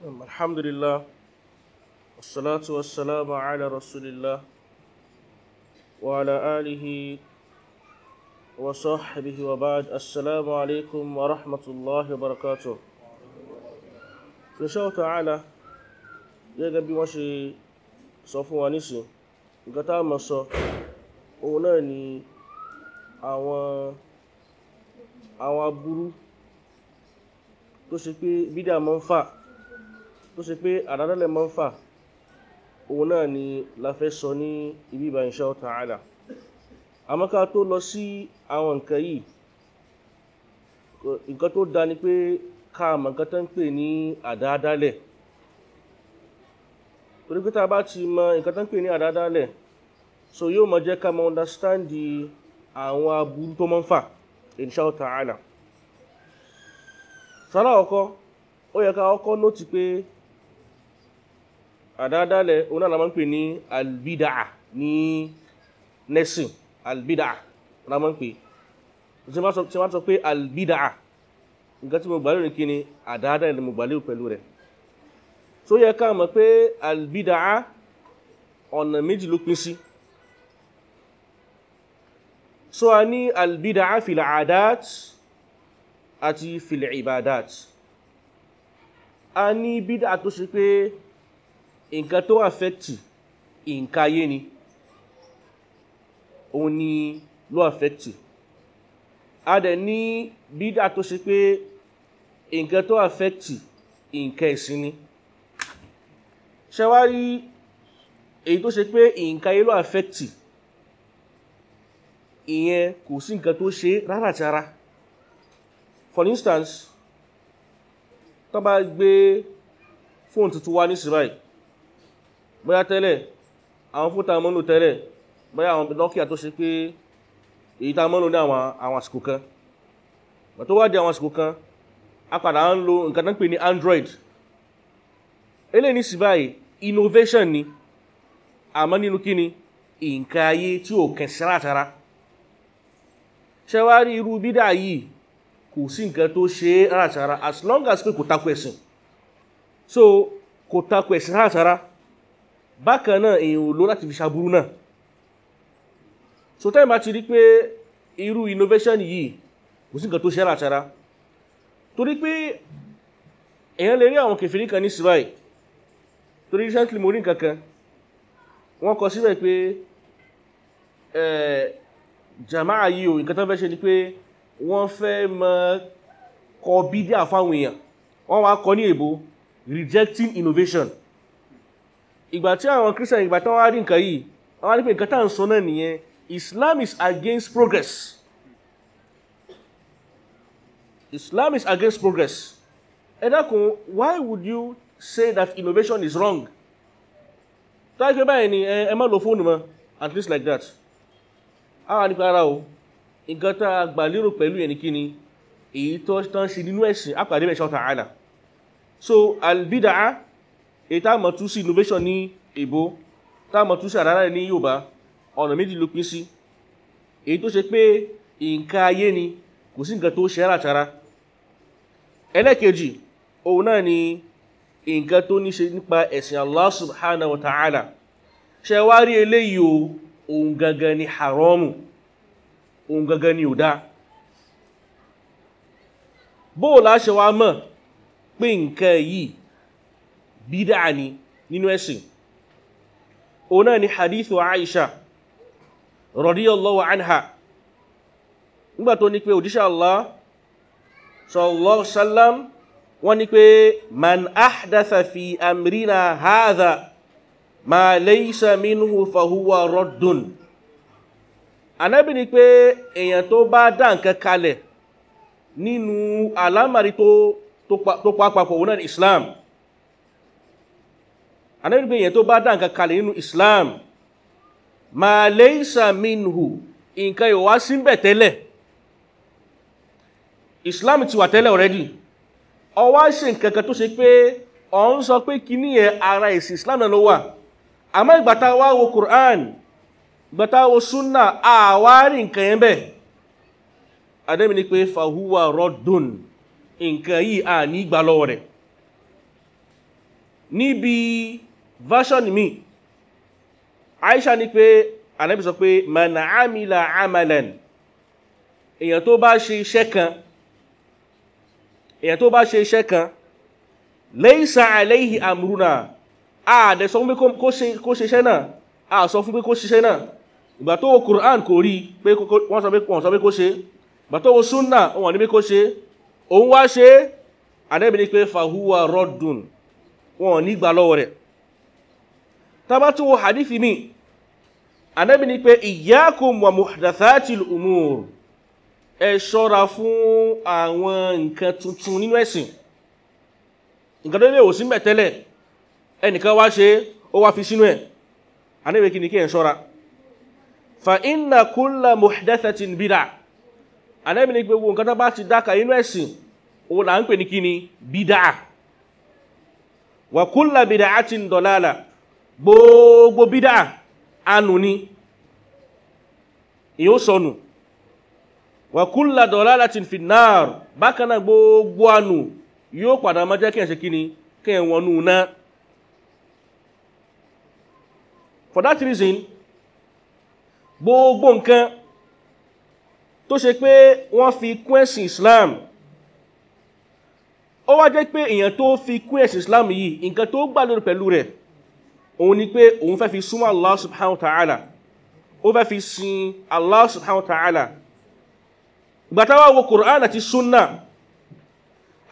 الحمد لله والصلاة والسلام على رسول الله وعلى آله وصحبه وبعد السلام عليكم ورحمة الله وبركاته إن شاء الله تعالى gẹ́gẹ́ bí wọ́n ṣe sọ fún wa nísìn nǹkan tá a mọ̀ sọ òun náà ni àwọn àwọn aburú tó ṣe pé bídà máa ń fà tó ṣe pé àdádálẹ̀ máa ń fà òun náà ni la fẹ́ sọ ní ibi ìbá insha Allah ta'ala àmọ́ ká tó lọ sí àwọn nǹkan yìí nǹkan tó da ni pé ká mọ̀ nǹkan tó ń pè ní àdádálẹ̀ torí pé tá bá ti mọ̀ nǹkan tó ń pè ní àdádálẹ̀ so yóò máa jẹ́ ká mọ̀ understand àwọn aburú tó máa ń fà insha Allah ta'ala sọ́lá ọkọ ó yẹ ká ọkọ nóòtì pé àdáadáalẹ̀ oná la máa ń pè ní albidaa ní nẹ́sìn albidaa la máa ń pè tí wọ́n sọ pé albidaa nǹkan tí mo gbà lérò ní kíni àdáadáalẹ̀ ni mo gbà lérò pẹ̀lú rẹ̀ tó yẹ ká mọ̀ pé albidaa ọ̀nà méjì ló pín sí so a ní albidaa fil adat àti fil ibadat a ní bídà tó ṣe pé nǹkan tó affect nǹkan ayé ni òun ni ló affect a dẹ̀ ní bídà tó ṣe pé nǹkan tó affect nǹkan ẹ̀sìn ni ṣe wá rí èyí tó ṣe pé nǹkan ayé ló affect ìyẹn kò sí nǹkan tó ṣe rárá for instance tó bá gbé fóònù tuntun wá nísìnyí báyìí bóyá tẹ́lẹ̀ àwọn fún ta mọ́lò tẹ́lẹ̀ bóyá àwọn dọ́kíà tó ṣe pé èyí ta mọ́lò ní àwọn àsìkò kan tó wá di àwọn àsìkò kan a padà ń lo nǹkan tó ń pè ní android eléyìí ní sí innovation ni àmọ́ nínú kí ni nǹkan ayé tí ò kẹsẹ̀ látara ṣe wá irú bídà yìí kò sí nǹkan tó ṣe látara as long as pé kò takò ẹ̀sìn so kò takò ẹ̀sìn látara bákan náà èyàn ò ló láti fi ṣàbúrú náà so tẹ́yìn bá ti rí pé irú innovation yìí kò sí nǹkan tó ṣe àṣàrà torí pé èyàn lè rí àwọn kèfèrí kan ní síbáì torí recently mo rí nǹkan kan wọ́n kọ síbẹ̀ pé jama'a yìí o nǹkan tó fẹ́ ṣe ni pé wọ́n fẹ́ mọ kọ bídíà fáwọn èèyàn wọ́n wá kọ ní èbó rejecting innovation ìgbà tí àwọn christian ìgbà tán wá rí nǹkan yìí wọ́n á ní nǹkan tá sọ náà nìyẹn islam is against progress islam is against progress ẹ dákun why would you say that innovation is wrong táyé pé báyìí ni ẹ má lo fóònù mọ́ at least like that àwa nípa ara o nǹkan tá a gbà lérò pẹ̀lú yẹn ni kí ni èyí tó ń ṣe nínú ẹ̀sìn àpàdé bẹ̀ ṣọ́ta so albida'a èyí tá mọ̀ tú sí innovation ní èbó tá mọ̀ tú sí àdára ní Yorùbá ọ̀nà méjì ló pín sí èyí tó ṣe pé nǹkan ayé ni kò sí nǹkan tó ṣe àràtara ẹlẹ́kejì òun náà ni nǹkan tó ní ṣe nípa ẹ̀sìn Allah subhanahu wa ta'ala ṣe wá rí eléyìí o gangan ni haramu òun gangan ni ò bóòlá ṣe wá mọ̀ pé nǹkan yìí bídà ni nínú ẹ̀sìn òun náà ni hadithu Aisha radiyallahu anha nígbà tó ní pé òjíṣẹ́ Allah sallallahu sallam wọ́n ní pé man ahdatha fi amrina hadha ma laysa minhu fahuwa raddun anábì ni pé èèyàn tó bá dá kalẹ̀ nínú alámàrí tó papapọ̀ òun náà ni Islam anábìgbé yẹn tó bá dá nǹkan kalẹ̀ nínú islam ma laysa minhu nǹkan ìwá síbẹ̀ tẹ́lẹ̀ islam ti wà tẹ́lẹ̀ already ọwá se nkankan kan tó ṣe pé ọ ń sọ pé kí ní ẹ ara esi islam náà ló wà àmọ́ ìgbàta wá wo quran ìgbàta wo sunna àwárí nǹkan yẹn bẹ́ẹ̀ adẹ́mi ni pé fahuwa rọ́dùn nǹkan yìí à ní ìgbàlọ́wọ́ rẹ̀ níbi version mi aisha ni pé anabi sọ pé mana amila amalan èyàn tó bá ṣe iṣẹ́ kan èyàn tó bá ṣe iṣẹ́ kan leisa alayhi amruna a dẹ̀ sọ fún pé kó ṣe iṣẹ́ náà a sọ fún pé kó ṣe iṣẹ́ náà ìgbà tó Qur'an kò rí pé wọ́n sọ pé kó ṣe ìgbà tó sunna wọ́n ní pé kó ṣe òun wá ṣe anabi ni pé fahuwa raddun wọ́n ní gbà lọ́wọ́ rẹ̀ tàbá tí wo hadithi mi anábi ni pé iyyakum wa muhdathatil umur ẹ ṣọ́ra fún àwọn nǹkan tuntun nínú ẹ̀sìn nǹkan tó lè wò sí mẹ́tẹ́lẹ̀ ẹnìkan wá ṣe ó wá fi sínú ẹ̀ anábi kí ni kí ẹ ṣọ́ra fa inna kulla muhdathatin bid'a anábi ni pé wo nǹkan tó bá ti dáka nínú ẹ̀sìn òun là ń pè ní bid'a wa kulla bid'atin dalala gbogbo bídá anù ni yíó sọnù wa kulla dalalatin fin nar bákaná gbogbo anù yóò padà má jẹ́ kí ẹ̀ṣẹ́ kíni kí ẹ̀wọ̀n nù náà for that reason gbogbo nǹkan tó ṣe pé wọ́n fi kún ẹ̀sìn Islam ó wá jẹ́ pé èèyàn tó fi kún ẹ̀sìn Islam yìí nǹkan tó gbà lórí pẹ̀lú rẹ̀ òun ni pé òun fẹ́ fi súnmọ́ Allah subhanahu wa ta'ala ó fẹ́ fi sin Allah subhanahu wa ta'ala gbàtàwà wo Qur'an àti súnnà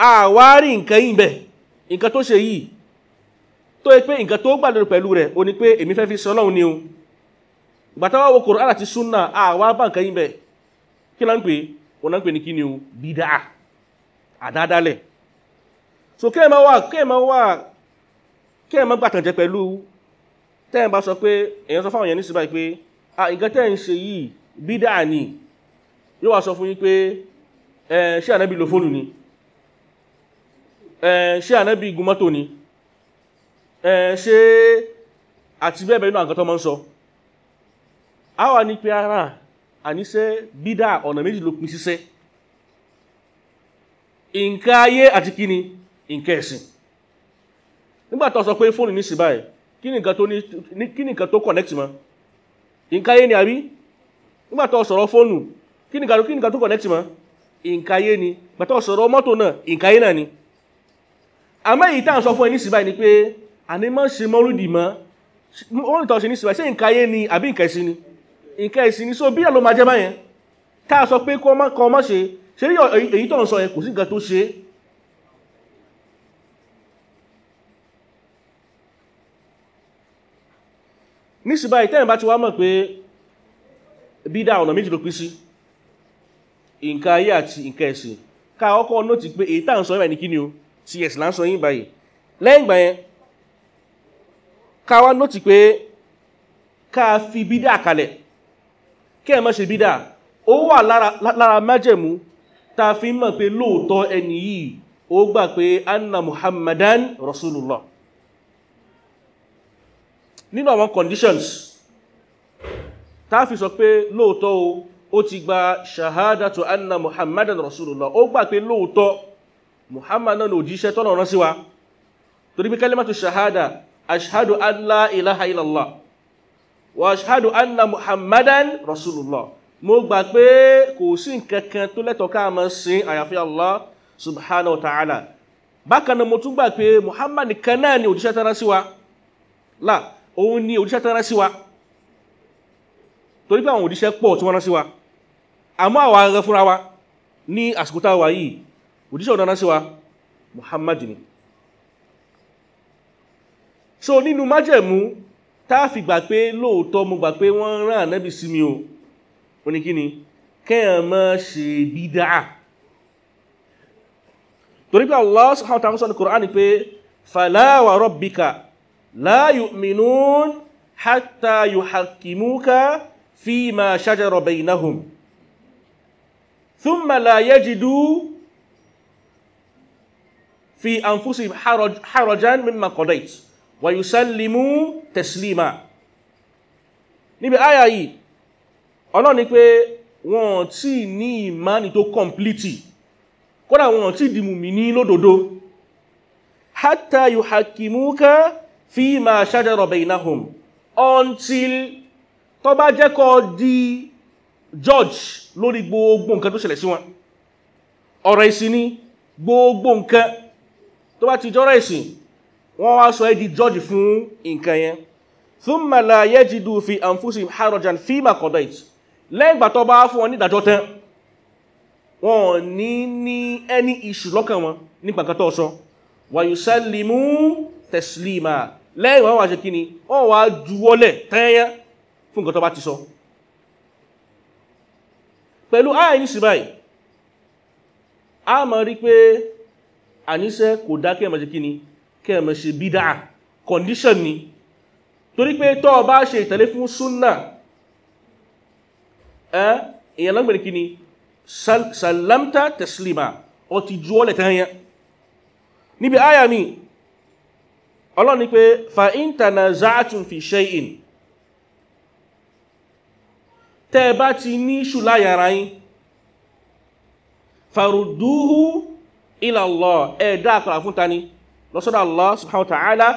àwárí nǹkan yìí bẹ̀ nǹkan tó ṣe yìí tó yẹ pé nǹkan tó gbà lórí pẹ̀lú rẹ̀ o ni pé èmi fẹ́ fi sin Ọlọ́run ni o gbàtàwà wo Qur'an àti súnnà àwá bá nǹkan yìí kí la ń pè wọ́n ń pè ní kí ni o bídáà àdádálẹ̀ so kí ẹ máa wà kí ẹ máa wà kí ẹ máa gbàtànjẹ pẹ̀lú tẹ́yìn bá sọ pé èyàn sọ fáwọn èyàn ní sí pé nǹkan ṣe yìí bídà ni yóò wá sọ fún yín pé ṣé ànábì lo fóònù ni ṣé ànábì gun mọ́tò ni ṣé àti bẹ́ẹ̀ bẹ́ẹ̀ tó a wà ní pé ara àníṣe ọ̀nà méjì ló pin nǹkan ayé àti kíni nǹkan sọ pé fóònù ní sí báyìí kí ni nǹkan tó ní kí ni nǹkan tó connect mọ́ nǹkan ayé ni àbí nígbà tó sọ̀rọ̀ fóònù kí ni nǹkan kí ni nǹkan tó connect mọ́ nǹkan ayé ni nígbà tó sọ̀rọ̀ mọ́tò náà nǹkan ayé náà ni àmọ́ èyí tá à ń sọ fún ẹ nísìnyí báyìí ni pé àní má ṣe mọ́lúdì mọ́ wọ́n ìtọ́ ṣe nísìnyí báyìí nǹkan ayé ni àbí nǹkan ẹ̀sìn ni nǹkan ẹ̀sìn ni so bí ẹ̀ ló máa jẹ́ báyẹn tá a sọ pé kọ́ ọ má ṣe ṣe èyí tó ń sọ yẹn kò sí nǹkan tó ṣe é nisiba ṣìbá ìtẹ́yìn bá ti wá mọ̀ pé bídá ọ̀nà méjì ló pín sí nǹkan ayé àti nǹkan ẹ̀sìn ká ọkọ̀ ọ̀nà ti pé èyí ń sọ o ti ẹ̀sìn láǹsọ yìí báyìí lẹ́yìn ìgbà yẹn ká wá fi bídá kalẹ̀ kí ẹ̀ má ṣe bídá ó wà lára májẹ̀mú ta fi mọ̀ pé lóòótọ́ ẹni yìí ó gbà pé anna muhammadan rasulullah nínú àwọn conditions tá fi sọ pé lóòótọ́ o ó ti gba shahadatu anna muhammadan rasulullah ó gbà pé lóòótọ́ muhammadan òjíṣẹ́ tọ́nà rán sí wa torí bí kalimatu shahada ashhadu an ilaha illallah wa ashhadu anna muhammadan rasulullah mo gbà pé kò sí nǹkankan tó lẹ́tọ̀ọ́ ká máa sin allah subhanahu wa ta'ala bákan náà mo tún gbà pé muhammad kan ni òjíṣẹ́ tọ́nà sí wa láà òun ni òjíṣẹ́ tán rán sí wa torí pé àwọn òjíṣẹ́ pọ̀ tí wọ́n rán sí wa àmọ́ àwa rẹ fúnra wa ní àsìkò táwa yìí òjíṣẹ́ ọ̀dọ́ rán sí wa Muhammad ni so nínú májẹ̀mú táàfi gbà pé lóòótọ́ mo gbà pé wọ́n rán ànábì sí mi o ó ní kíni kẹ́yàn má torí pé Allah subhanahu wa ta'ala sọ ní Kùránì pé fala wa rabbika la yu'minun hatta yuhakkimuka fi ma shajara bainahum thumma la yajidu fi anfusihim harajan mimma qadait wa yusallimu taslima níbi àyà yìí Ọlọ́run ní pé wọ́n tí ní ìmáni tó kọ̀mplítì kódà wọ́n tí dìmùmí ní lódodo hatta yuhakkimuka fi ma shajara bainahum until tó bá jẹ́ kó di judge lórí gbogbo nǹkan tó ṣẹlẹ̀ sí wọn ọ̀rọ̀ ìsìn ni gbogbo nǹkan tó bá ti jọ́rọ̀ ìsìn wọ́n wá sọ ẹ́ di judge fún nǹkan yẹn thumma la yajidu fi anfusihim harajan fima qadait lẹ́yìn ìgbà tó bá fún wọn ní ìdájọ́ tán ní ní any issue lọ́kàn wọn nípa sọ wa yusallimu tẹ̀sílímà lẹ́yìn wọ́n wà ṣe kí ni wọ́n wà juwọ́lẹ̀ tẹ́yẹn fún nǹkan tó bá ti sọ pẹ̀lú ààyè sí báyìí a mọ̀ rí pé àníṣẹ́ kò dá kí ẹ má ṣe kí ni kí ẹ má ṣe bídá condition ni torí pé tó bá ṣe ìtẹ̀lé fún súnnà ẹ́ èyàn lọ́gbẹ̀rẹ̀ kí ni salamta tẹ̀sílímà ó ti juwọ́lẹ̀ tẹ́yẹn níbi ààyà ọlọ́ni pé fa in tanaza'tum fi shay'in tẹ́ bá ti ní ṣùlá yàrá yín farudúhú ila Allah ẹ̀dá àkàrà fún tani lọ́sọ́dọ̀ Allah subhanahu wa ta'ala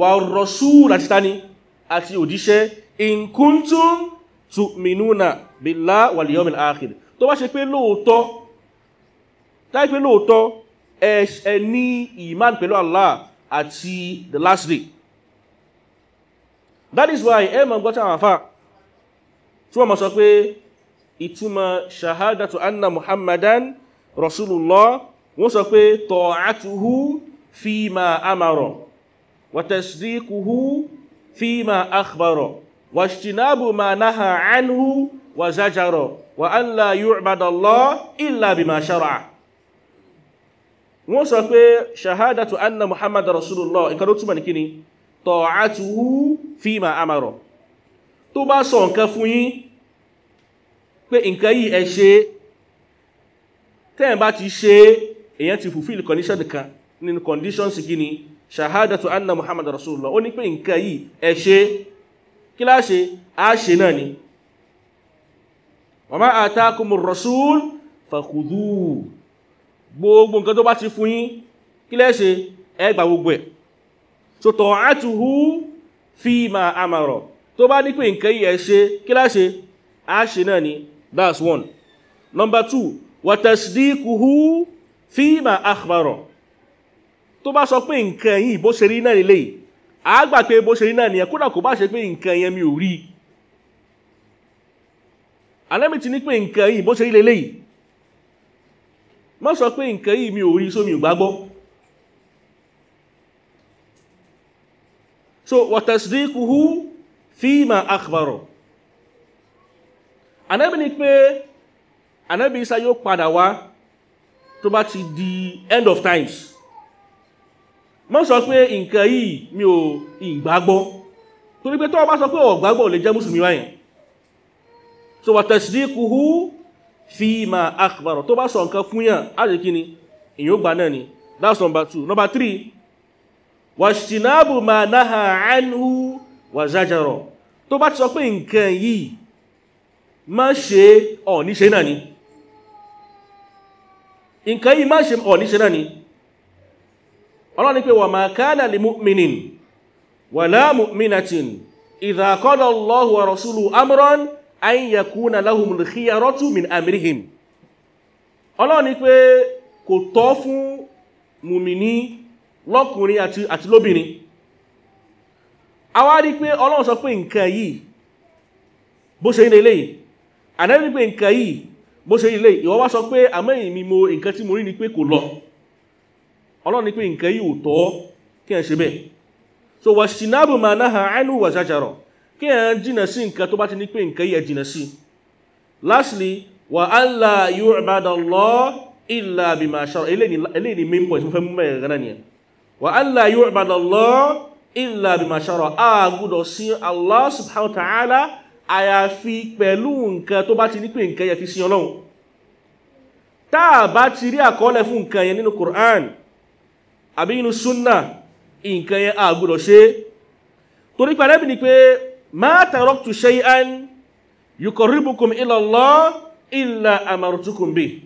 wa rasul àti tani àti òdíṣẹ́ in àti the last day that is why ẹ ma gbọ́ta àwọn afá tí wọ́n ma sọ pé ìtumọ̀ ṣahádàtù anna muhammadan rasulullah wọ́n sọ pé tọ̀átùhú fi ma amarọ̀ wàtàsíkùhú fi ma akhbarọ̀ wàṣínábù ma náà anhu wa zajarọ̀ wa an la yu'badallah illa bima shara'a wọ́n sọ pé ṣahádàtù anna muhammadu rasulullah nǹkan ló túnmà ní kíni ta'atuhu fima amara tó bá sọ nǹkan fún yín pé nǹkan yìí ẹ ṣe tẹ́yìn bá ti ṣe èyàn ti fulfill condition kan nínú conditions kíni ṣahádàtù anna muhammadu rasulullah ó ní pé nǹkan yìí ẹ ṣe kí la ṣe á ṣe náà ni wa ma atakumur rasul fakhudhu gbogbo nǹkan tó bá ti fún yín kí lẹ ṣe gbogbo ẹ̀ so ta'atuhu fima amara tó bá ní pé nǹkan yìí ẹ ṣe kí lẹ ṣe ṣe náà ni that's one number two wa tasdiquhu fima akhbara tó bá sọ pé nǹkan yìí bó ṣe rí náà lélẹ́yìí a gbà pé bó ṣe rí náà nìyẹn kódà kò bá ṣe pé nǹkan yẹn mi ò rí anẹ́mìtì ní pé nǹkan yìí bó ṣe rí lélẹ́yìí má sọ pé nǹkan yìí mi ò rí sómi ò so wàtàsídíkùhù fíìmà akhbaro anábi ni pé anábi isa yóò padà wá tó bá ti di end of times má sọ pé nǹkan yìí mi ò ìgbàgbọ́ torí pé tó bá sọ pé ọ̀gbàgbọ́ lè jẹ́ mùsùlùmí wáyìn so wàtàsídíkùhù fi ma akhbaro tó bá sọ nǹkan fún yàn áti kí ni èyí ó gbà náà ni that's number two number three wàṣìnàbù ma náà anhu wà zájárọ̀ tó bá ti sọ pé nǹkan yìí má ṣe ọ̀ní ṣe náà ni nǹkan yìí má ṣe ọ̀ní ṣe náà ni ọlọ́ni pé wà máa káàlà lè mu'minin wà láà mu'minatin idha qada ayínyẹkúnà láhùmùlù khiyaratu min amrihim ọlọ́run ni pé kò tọ́ fún mùmìní lọ́kùnrin àti lóbìnrin a wá rí pé ọlọ́run sọ pé nǹkan yìí bó ṣe ilé yìí ànábì pé nǹkan yìí bó ṣe ilé ìwọ wá sọ pé àmẹ́yìn mi mo nǹkan tí mo rí ni pé kò lọ ọlọ́run ni pé nǹkan yìí ò tọ́ kí ẹ ṣe bẹ́ẹ̀ so wàṣìnàbùmá náà àánú wàṣàṣàrọ̀ kí ẹ jìnà sí nǹkan tó bá ti ní pé nǹkan yẹ jìnà sí lastly wa alla yu'badallah illa bima shara eléyìí ni main point fún fẹ́ mú mẹ́rin gánà nìyẹn wa alla yu'badallah illa bima shara a gbọ́dọ̀ sí Allah subhanahu wa ta'ala àyàfi pẹ̀lú nǹkan tó bá ti ní pé nǹkan yẹ fi sí Ọlọ́run táà bá ti rí torí pẹ̀lẹ́bì ni pé ma taraktu shay'an yuqarribukum ila Allah illa amartukum bi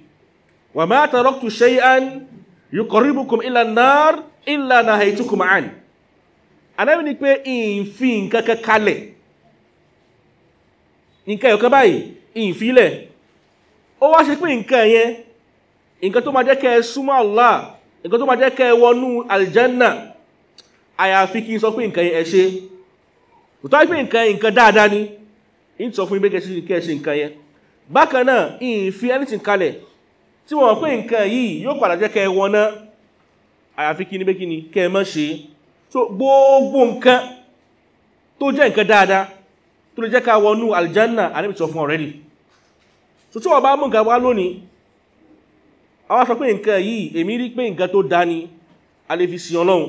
wa ma taraktu shay'an yuqarribukum ila an-nar illa nahaytukum an Ànábì ní pé ìfì nǹkan kan kalẹ̀ nǹkan ẹ̀yọ̀kan báyìí ìfilẹ̀ ó wá ṣe pé nǹkan yẹn nǹkan tó máa jẹ́ kẹ́ súnmọ́ Allah nǹkan òtọ́ pé nǹkan nǹkan dáadáa ni ń sọ fún ibé kẹsí nǹkan yẹn bákan náà ìyìn fi anything kalẹ̀ tí wọ́n pé nǹkan yìí yóò padà jẹ́ kẹ wọn náà àyàfi kí ní kí ni kẹ mọ́ ṣe so gbogbo nǹkan tó jẹ́ nǹkan dáadáa tó lè jẹ́ ká wọnú aljanna àníbi sọ fún already so tí wọ́n bá mú nǹkan wá lónìí àwọn sọ pé nǹkan yìí èmi rí pé nǹkan tó dá ni a lè fi sin ọlọ́run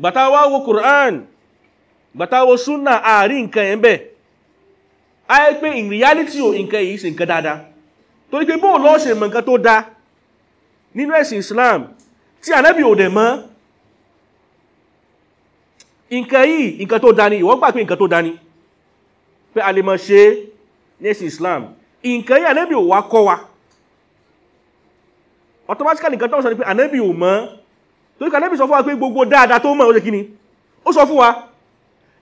gbàtà wá wo Qur'an gbàtàwọ súnà àárín nǹkan ẹ̀ ń bẹ̀ ayé pé in reality o nǹkan yìí ṣe nǹkan dáadáa torí pé bóò lọ́ọ́ ṣe mọ̀ nǹkan tó dáa nínú ẹ̀sìn Islam tí ànábì ò dẹ̀ mọ́ nǹkan yìí nǹkan tó dáa ni ìwọ́n gbà pé nǹkan tó dáa ni pé a lè mọ̀ ṣe ní ẹ̀sìn Islam nǹkan yìí ànábì ò wá kọ́ wa automatically nǹkan tó ń sọ ni pé ànábì ò mọ̀ torí pé ànábì sọ fún wa pé gbogbo dáadáa tó mọ̀ ó ṣe kí ó sọ fún wa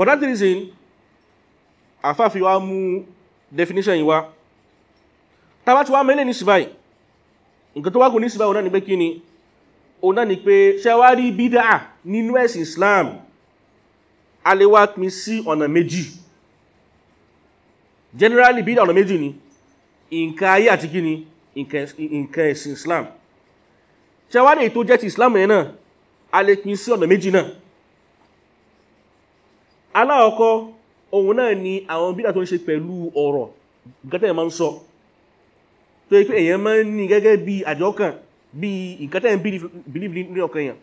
for that reason àfáàfi wá mu definition yìí wá tàbá ti wá mẹ́lẹ̀ ní síbáì nǹkan tó wá kò ní síbáì ọ̀nà ni pé kí ni ọ̀nà ni pé ṣẹwárí bídá nínú ẹ̀sìn Islam a lè wá pín sí ọ̀nà generally bídá ona méjì ni nǹkan ayé àti kí ni nǹkan ẹ̀sìn Islam ṣẹwárí èyí tó jẹ́ ti Islam yẹn na a lè pín sí ọ̀nà méjì aláọ̀kọ́ ohun náà ni àwọn bídà tó ń ṣe pẹ̀lú ọ̀rọ̀ ìkẹtẹ̀ ma ń sọ tó yí pé èyàn ma ń ní gẹ́gẹ́ bí àjọkàn bí ìkẹtẹ̀ ń bílíbìlì ní ọkàn yàn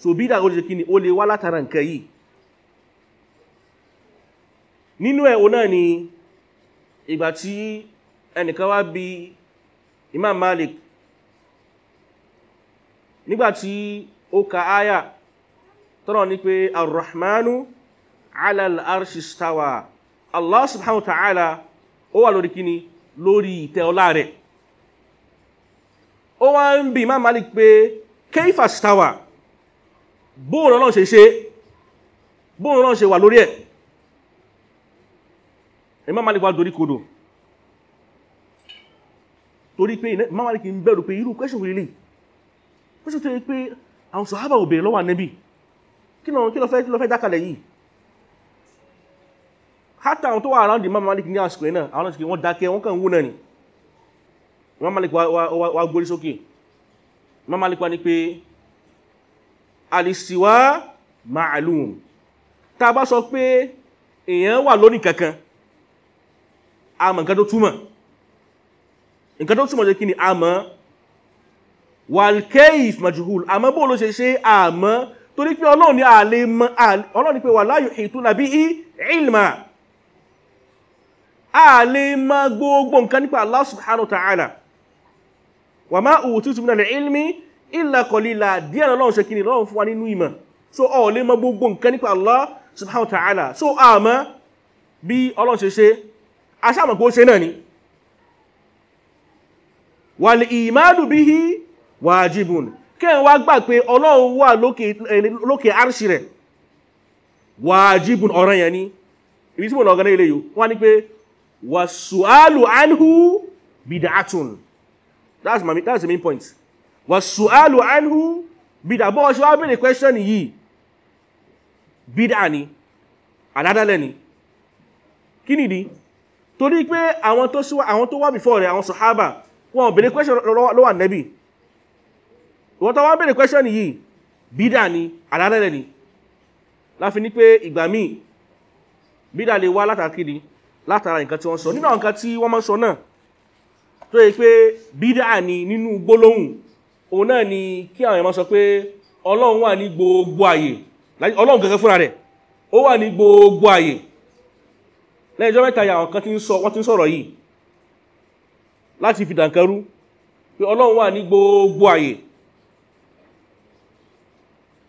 so bídà ó ṣe kíni ó lè wá látara Imam Malik nígbàtí ó ka áyà tọ́rọ ní pé arrahmanu alal arshistawa allah subhanahu wa ta'ala ó wà lórí kíni lórí ìtẹ́ ọlá rẹ̀ ó wá ń bí imam malik pé keifa stawa bóòrùn náà ṣe ṣe bóòrùn náà ṣe wà lórí ẹ̀ imam malik wá dorí kodò torí pé imam malik ń bẹ̀rù pé irú kwẹ́ṣùn wílé kwẹ́ṣùn tó yẹ pé àwọn sàhábà ò bèèrè lọ́wọ́ kí ló fẹ́ kí ló fẹ́ dákalẹ̀ yìí hátà àwọn tó wà around Imam Malik ní àsìkò náà àwọn àsìkò wọ́n dákẹ́ wọ́n kàn wó náà ni Imam Malik wá gbórí sókè Imam Malik wá ní pé alìsíwá ma'alum tá a bá sọ pé èèyàn wà lónìí kankan àmọ́ nǹkan tó túmọ̀ nǹkan tó túmọ̀ jẹ́ kí ni àmọ́ wal kayf majhul bóòlù ṣe ṣe àmọ́ torí pé ọlọ́run ni àlè mọ̀ ọlọ́run ni pé wala yuhituna bihi ilma àlè mọ̀ gbogbo nǹkan nípa Allah subhanahu wa ta'ala wa ma utitum minal ilmi illa díẹ̀ lọ́lọ́run ṣe so ọ lè mọ̀ gbogbo nǹkan nípa Allah so àmọ́ bí ọlọ́run ṣe ṣe aṣáàmọ̀ pé ó ṣe náà kẹ́ẹ̀ wá gbà pé ọlọ́run wà lókè arṣì rẹ̀ wàjíbùn ọ̀ràn yẹn ni ibi tí mo lọ gẹ́rẹ́ ilé yìí wọ́n ní pé wà sùálù anhu bid'atun that's my that's the main point wà sùálù anhu bid'a bọ́ ṣe wá bèèrè question yìí bid'a ni àdádálẹ̀ ni kí nìdí torí pé àwọn tó wà before rẹ̀ àwọn sàhábà wọn bèèrè question lọ́wọ́ nẹ́bì ìwọ́n tó wá bèèrè question yìí bídà ni àdádẹ́rẹ̀ ni láfi ní pé ìgbà míì bídà lè wá látàkiri látara nǹkan tí wọ́n sọ nínú àwọn nǹkan tí wọ́n máa sọ náà tó yẹ pé bídà ni nínú gbólóhùn òun náà ni kí àwọn èèyàn máa sọ pé ọlọ́run wà ní gbogbo àyè ọlọ́run gẹ́gẹ́ fúnra rẹ̀ ó wà ní gbogbo àyè tí ń sọ̀rọ̀ yìí láti fi pé ọlọ́run wà ní gbogbo àyè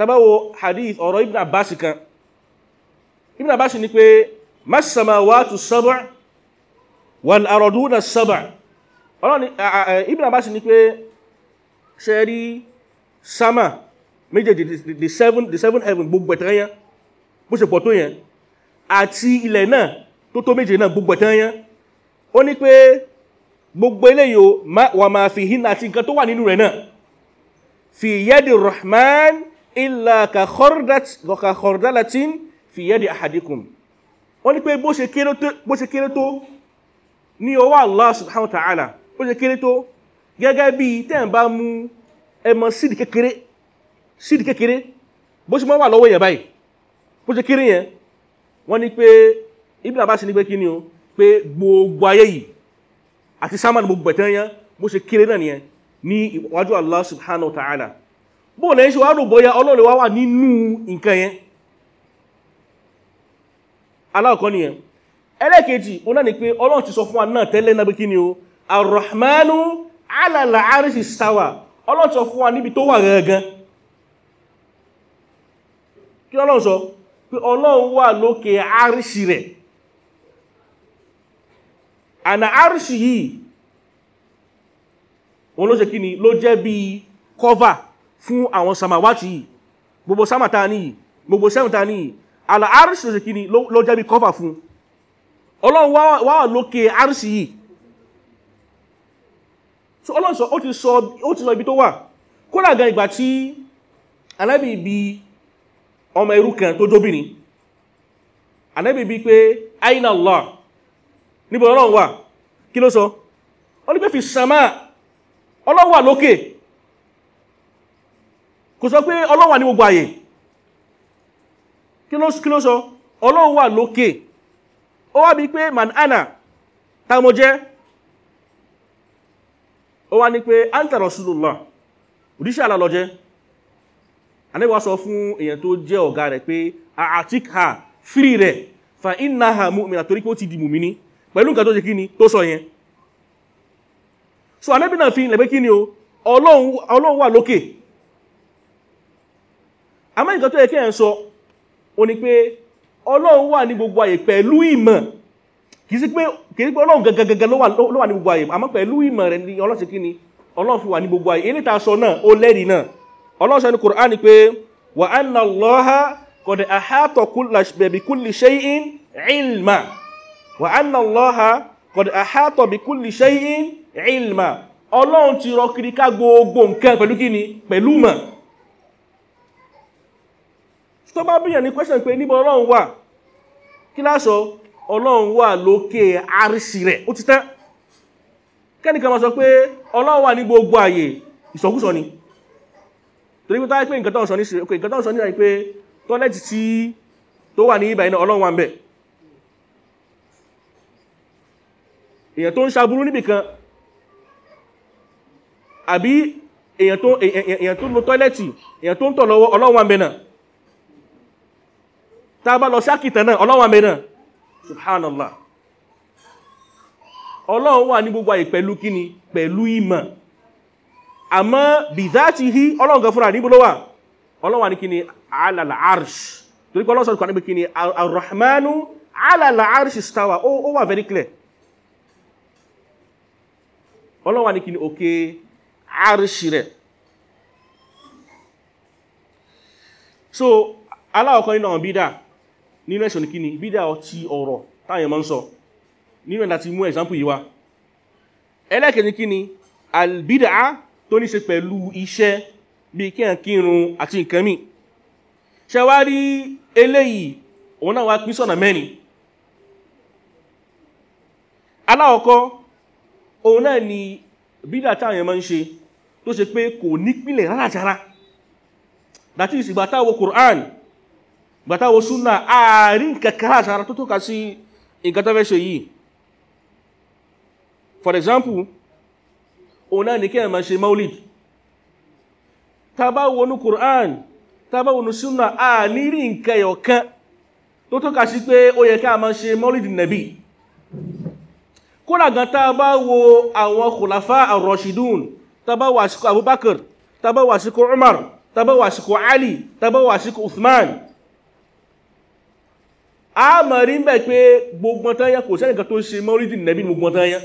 tabawo hadith ọ̀rọ̀ ibn abbas kan ibn abbas ní pé masamawatu sab'a wal araduna sab'a ọlọ́ni ibn abbas ní pé ṣe rí sama méjèèjì the seven the seven heaven gbogbo ẹ̀tẹ̀ yẹn bó ṣe pọ̀ tó yẹn àti ilẹ̀ náà tó tó méje náà gbogbo ẹ̀tẹ̀ yẹn ó ní pé gbogbo eléyìí wà máa fi hínà àti nǹkan tó wà nínú rẹ̀ náà fi yadi rahman illa ka khordalatin fi yadi ahadikum wọ́n ní pé bó ṣe kéré tó ní ọwọ́ Allah subhanahu wa ta'ala bó ṣe kéré tó gẹ́gẹ́ bí tẹ́ẹ̀ bá mú ẹmọ sídì kékeré sídì kékeré bó ṣe mọ́ wà lọ́wọ́ yẹn báyìí bó ṣe kéré yẹn wọ́n ní pé Ibn Abbas ní pé kí o pé gbogbo ayé yìí àti sámà ní gbogbo ẹ̀tẹ́ yẹn bó ṣe kéré náà nìyẹn ní iwájú Allah subhanahu wa ta'ala bóò lẹ́ ṣe wá rò bóyá Ọlọ́run wá wà nínú nǹkan yẹn aláọ̀kọ́ nìyẹn ẹlẹ́kejì ó náà ni pé Ọlọ́run ti sọ fún wa náà bí kí ni o arrahmanu alala al sawa stawa Ọlọ́run sọ fún wa níbi tó wà rẹ̀ fún àwọn samawati yìí gbogbo samata ní yìí gbogbo sẹ́mta ní yìí àlà arṣì ṣe kí ni ló jẹ́ bí kọ́fà fún ọlọ́run wá wà lókè arṣì yìí so ọlọ́run sọ ó ti sọ ibi tó wà kódà gan ìgbà tí anábì bí ọmọ ẹrú kan tó jóbìnrin anábì bí pé aina Allah níbo ọlọ́run wà kí ló sọ ọlọ́run wà lókè kò sọ pé ọlọ́wà ní gbogbo ayé kí ló sọ lókè ó wá bí pé manana ta mo jẹ́ ó wá ní pé anta Rasulullah òdíṣẹ́ alálọ́jẹ́ anẹ́wà sọ fún tó jẹ́ ọ̀gá rẹ̀ pé àtíkà fírí rẹ̀ fa iná ha pé ó di pẹ̀lú nǹkan tó jẹ́ kíni sọ yẹn so anẹ́bìnà fi lẹ̀gbẹ́ kíni o Ọlọ́run wà lókè àmọ́ nǹkan tó yẹ kí ẹ̀ ń sọ o ni pé ọlọ́run wà ní gbogbo àyè pẹ̀lú ìmọ̀ kìí sí pé ọlọ́run gẹ́gẹ́gẹ́gẹ́ ló wà ní gbogbo àyè àmọ́ pẹ̀lú ìmọ̀ rẹ̀ ni ọlọ́run ṣe kí ni ọlọ́run fi wà ní gbogbo àyè eléyìí tá a sọ náà ó lẹ́rìí náà ọlọ́run sọ ní Qur'an pé wa anna Allaha qad ahata bi kulli shay'in ọlọ́run ti rọ kiri ká gbogbo nǹkan pẹ̀lú kí ni pẹ̀lú mọ̀ tó bá bíyàn ní question pé níbo ọlọ́run wà kí láṣọ ọlọ́run wà lókè àrísì rẹ̀ ó ti tán kẹ́nìkan máa sọ pé ọlọ́run wà ní gbogbo àyè ìsọkúsọ ni torí pé táyé pé nǹkan tó ń sọ ní ṣe nǹkan tó ń sọ ní ṣe pé tọ́lẹ́tì tí tó wà ní ibà iná ọlọ́run wà ń bẹ̀ èèyàn tó ń ṣaburú níbìkan àbí èèyàn tó ń lo tọ́lẹ́tì èèyàn tó ń tọ̀ lọ́wọ́ ọlọ́run wà ń bẹ̀ náà tá a bá lọ sí àkìtàn náà ọlọ́wà mẹ́rin subhanallah ọlọ́run wà ní gbogbo àyè pẹ̀lú kíni pẹ̀lú ìmọ̀ àmọ́ bìzáàtì hí ọlọ́run gan fúnra níbo ló wà ọlọ́run wà ní kíni alàlà arsh torí pé ọlọ́run sọ̀rọ̀ níbi kíni arrahmanu alàlà arsh stawa ó wà very clear ọlọ́run wà ní kíni òkè arsh so aláwọ̀kan nínú àwọn bídà nínú ẹ̀ṣọ́ ní kí ni bídà ọtí ọ̀rọ̀ táyẹ̀ máa ń sọ nínú ẹ̀dá ti mú example yìí wá ẹlẹ́kẹ̀ẹ́ni kí ni albídà tó ní ṣe pẹ̀lú iṣẹ́ bí kí à kírun àti nǹkan mí eléyìí òun náà wá pín sọ́nà mẹ́rin aláọ̀kọ́ òun náà ni bídà táyẹ̀ máa ń ṣe tó ṣe pé kò nípìnlẹ̀ rárá jára that is ìgbà gbàtàwò súnà ààrin kẹkẹrẹ àṣàrà tó tóka sí nǹkan tó fẹ́ ṣe yìí for example òun náà ní kí ẹ̀mà ṣe maulid tàbá wọnú Qur'an tàbá wọnú súnà ààrin nǹkan ẹ̀yọ̀kan tó tóka sí pé ó yẹ ká máa ṣe maulid nabi kódà gan tàbá wo àwọn khulafa ar-rashidun tàbá wà síkò Abubakar tàbá wà Umar tàbá wà Ali tàbá wà Uthman a mọ̀ rí ń bẹ̀ pé gbogbo tán yẹn kò sẹ́nìkan tó ṣe mọ́rídì nẹ́bí gbogbo tán yẹn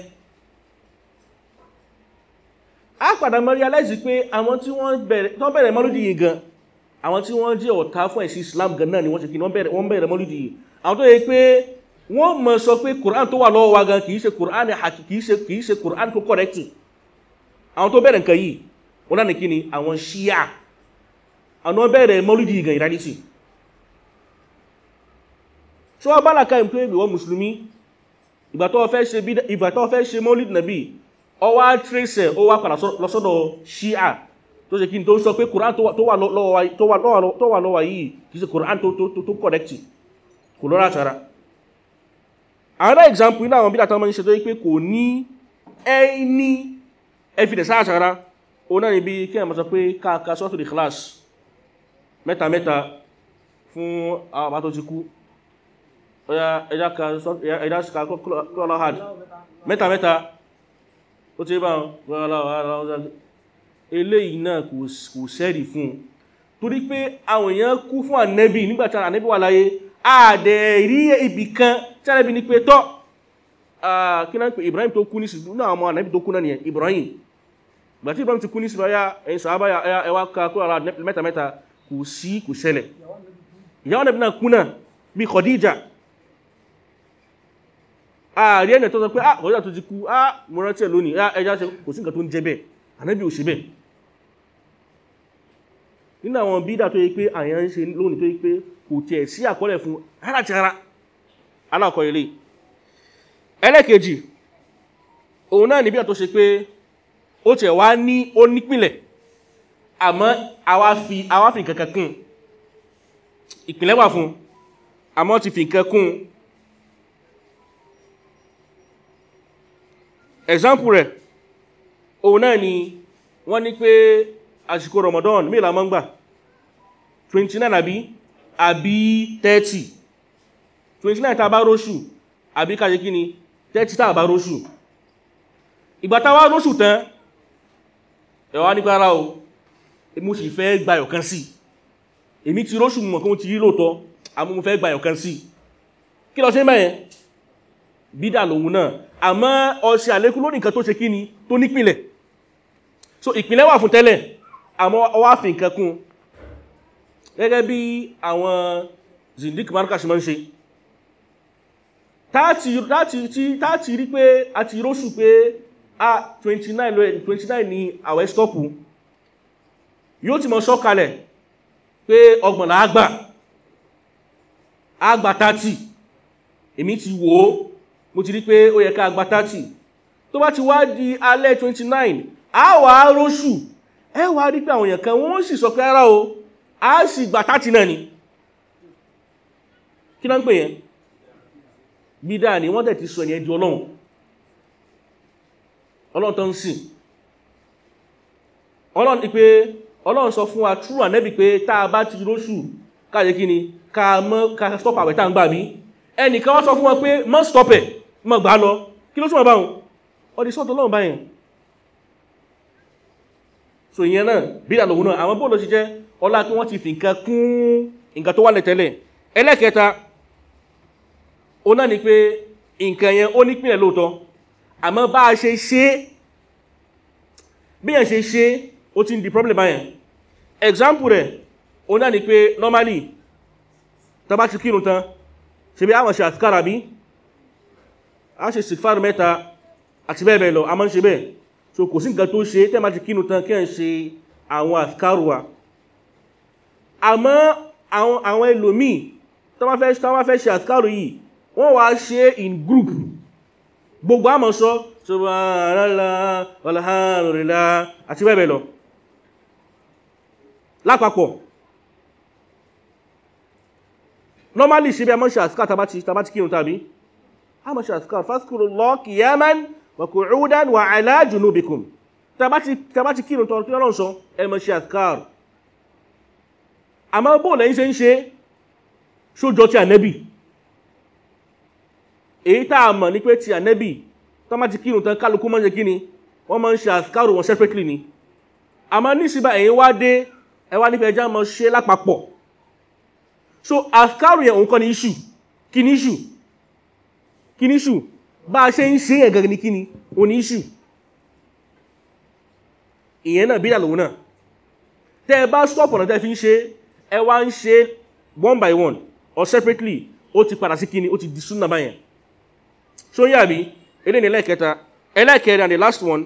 a padà mọ́ rí aláìsí pé àwọn tí wọ́n bẹ̀rẹ̀ mọ́rídì yìí gan àwọn tí wọ́n jẹ́ ọ̀tá fún ẹ̀sìn Islam gan náà ni wọ́n ṣe kí wọ́n bẹ̀rẹ̀ mọ́rídì yìí àwọn tó yẹ pé wọ́n mọ̀ sọ pé Quran tó wà lọ́wọ́ wa gan kìí ṣe Quran haki kìí ṣe kìí ṣe Quran tó correct àwọn tó bẹ̀rẹ̀ nǹkan yìí wọ́n ni ṣe wọ́n bálàkà ìpínlẹ̀ wọ́n musulmi ìgbà tó fẹ́ ṣe mọ́lìd nàbí ọwá tírẹsẹ̀ ó wá padà lọ́sọ́dọ̀ ṣíà tó ṣe kí n tó sọ pé kùrán tó wà lọ́wà yìí kìí ṣe kùrán tó kọ̀rẹ́kì kò lọ́rà tara another example iná àwọn bídà tó mọ́ ń ṣe tó yí pé kò ní ẹni evidence àtara ó náà níbi kí ẹ̀mọ́ sọ pé káàkà sọ́tò di class mẹ́ta mẹ́ta fún àwọn àbátó ti kú ẹja ka kúrọ̀lọ́ hajj mẹ́ta mẹ́ta ó ti bá wọn eléyìí náà kò sẹ́rì fún torí pé àwọn èèyàn kú fún ànẹ́bì nígbàtí ànẹ́bì wà láyé àdẹ̀ rí ibì kan tí Ibrahim tó kú ní sí náà ọmọ ànẹ́bì Ibrahim gbàtí Ibrahim ti kú ní sí báyá ẹ̀yìn sàábà ẹwà ka kúrọ̀lọ́ mẹ́ta mẹ́ta kò sí kò ṣẹlẹ̀ ìyàwó ààrí ẹ̀nà tó sọ pé ah mọ̀lẹ́dà tó ti kú ah mo rántí ẹ̀ lónìí ah ẹja ṣe kò sí nǹkan tó ń jẹ bẹ́ẹ̀ ànábì ò ṣe bẹ́ẹ̀ nínú àwọn bídà tó yẹ pé àyàn ń ṣe lónìí tó yẹ pé kò tiẹ̀ sí àkọọ́lẹ̀ fún rárá ti rárá alákọ̀ ilé ẹlẹ́kejì òun náà ní bídà tó ṣe pé ó tiẹ̀ wá ní ó nípìnlẹ̀ example rẹ̀ òun náà ni wọ́n ní pé àsìkò Ramadan mélòó máa ń gbà 29 àbí àbí 30 29 tàbá róṣù àbí káyé kí ni 30 tàbá róṣù ìgbà tá wá róṣù tán ẹ̀wà nípa ara o mo sì fẹ́ gba ẹ̀yọ̀kan sí èmi ti róṣù mọ̀ kí mo ti rí lóòtọ́ àmọ́ mo fẹ́ gba ẹ̀yọ̀kan sí kí ló ṣe mẹ́yẹn bídà lòun náà àmọ́ ọṣẹ àlékún lónìí nǹkan tó ṣe kí ni tó nípìnlẹ̀ so ìpìlẹ̀ wà fún tẹ́lẹ̀ àmọ́ ọwá fi nǹkan kún gẹ́gẹ́ bí àwọn zindik marka ṣe mọ́ ń ṣe táàtì rí pé a ti róṣù pé a 29 29 ni àwẹ̀ stọ́pù yóò ti mọ̀ sọ́kalẹ̀ pé ọgbọ̀nlá àgbà àgbà 30 èmi ti wò mo ti rí pé ó yẹ ká gba thirty tó bá ti wá di alẹ́ twenty nine a wà á róṣù ẹ wà á rí pé àwọn èèyàn kan wọ́n sì sọ pé ara o a sì gba thirty náà ni kí náà ń pè yẹn bídà ni wọ́n dẹ̀ ti sọ ẹ̀yẹn di ọlọ́run ọlọ́run tó ń sìn ọlọ́run ni pé ọlọ́run sọ fún wa true ànẹ́bì pé tá a bá ti róṣù káàdé ká mọ́ ká stop àwẹ̀ tá ń gbà mí ẹnìkan wọ́n sọ fún wọn pé mọ́ stop ẹ̀ mọ́ gbà lọ kí ló súnmọ̀ báhùn ọdí sọ́tọ̀ lọ́wọ́ báyìí so ìyẹn náà bí ìdàlòwò náà àwọn bóòlù sí jẹ́ ọlá kí wọ́n ti fi nǹkan kún nǹkan tó wà lẹ̀ tẹ́lẹ̀ ẹlẹ́kẹta ó náà ni pé nǹkan yẹn ó nípìnlẹ̀ lóòtọ́ àmọ́ bá a ṣe ṣe bí yẹn ṣe ṣe ó ti ń di problem báyẹn example rẹ̀ ó náà ni pé normally tàbá ti kírun tán ṣe bí àwọn ṣe àtikára bí a ṣe sìfàr mẹ́ta àti bẹ́ẹ̀ lọ a máa ń ṣe bẹ́ẹ̀ so kò sí nǹkan tó ṣe tẹ́ máa ti kínú tán kí ẹ̀ ń ṣe àwọn àfikárùwa àmọ́ àwọn ẹlòmíì tó wá fẹ́ ṣe àfikárù yìí wọ́n wá ṣe in group gbogbo àmọ́ sọ subhanallah walhamdulillah àti bẹ́ẹ̀ lọ lápapọ̀ normally ṣe bí a mọ́ ṣe àfikà tàbátí kírun tàbí àmọ́ ṣe àsìkò fásitì qiyaman wa qu'udan wa ala junubikum tàbá ti kírun tọrọ kí lọ́rọ̀ sọ ẹ máa ṣe àsìkò àmọ́ bóòlù ẹ̀yin ṣe ń ṣe ṣójọ ti ànẹ́bì èyí tá a mọ̀ ní pé ti ànẹ́bì tó má ti kírun tán kálukú mọ́ ṣe kí ni wọ́n máa ń ṣe àsìkárò wọn separately ni àmọ́ níṣìbà ẹ̀yin wá dé ẹ wá nífẹ̀ẹ́ mọ́ ṣe lápapọ̀ so àsìkárò yẹn òun kọ́ ni issue kí ni issue kí ní ṣù bá a ṣe ń ṣe yẹn ní kí ni oní ṣù ìyẹn náà bídà lòun náà tẹ́ bá stop ọ̀nà tẹ́ fi ń ṣe ẹ ń ṣe one by one or separately ó ti padà sí kí ó ti di súnà báyẹn ṣó ń yà mí eléyìí ní ẹlẹ́ẹ̀kẹta ẹlẹ́ẹ̀kẹrin the last one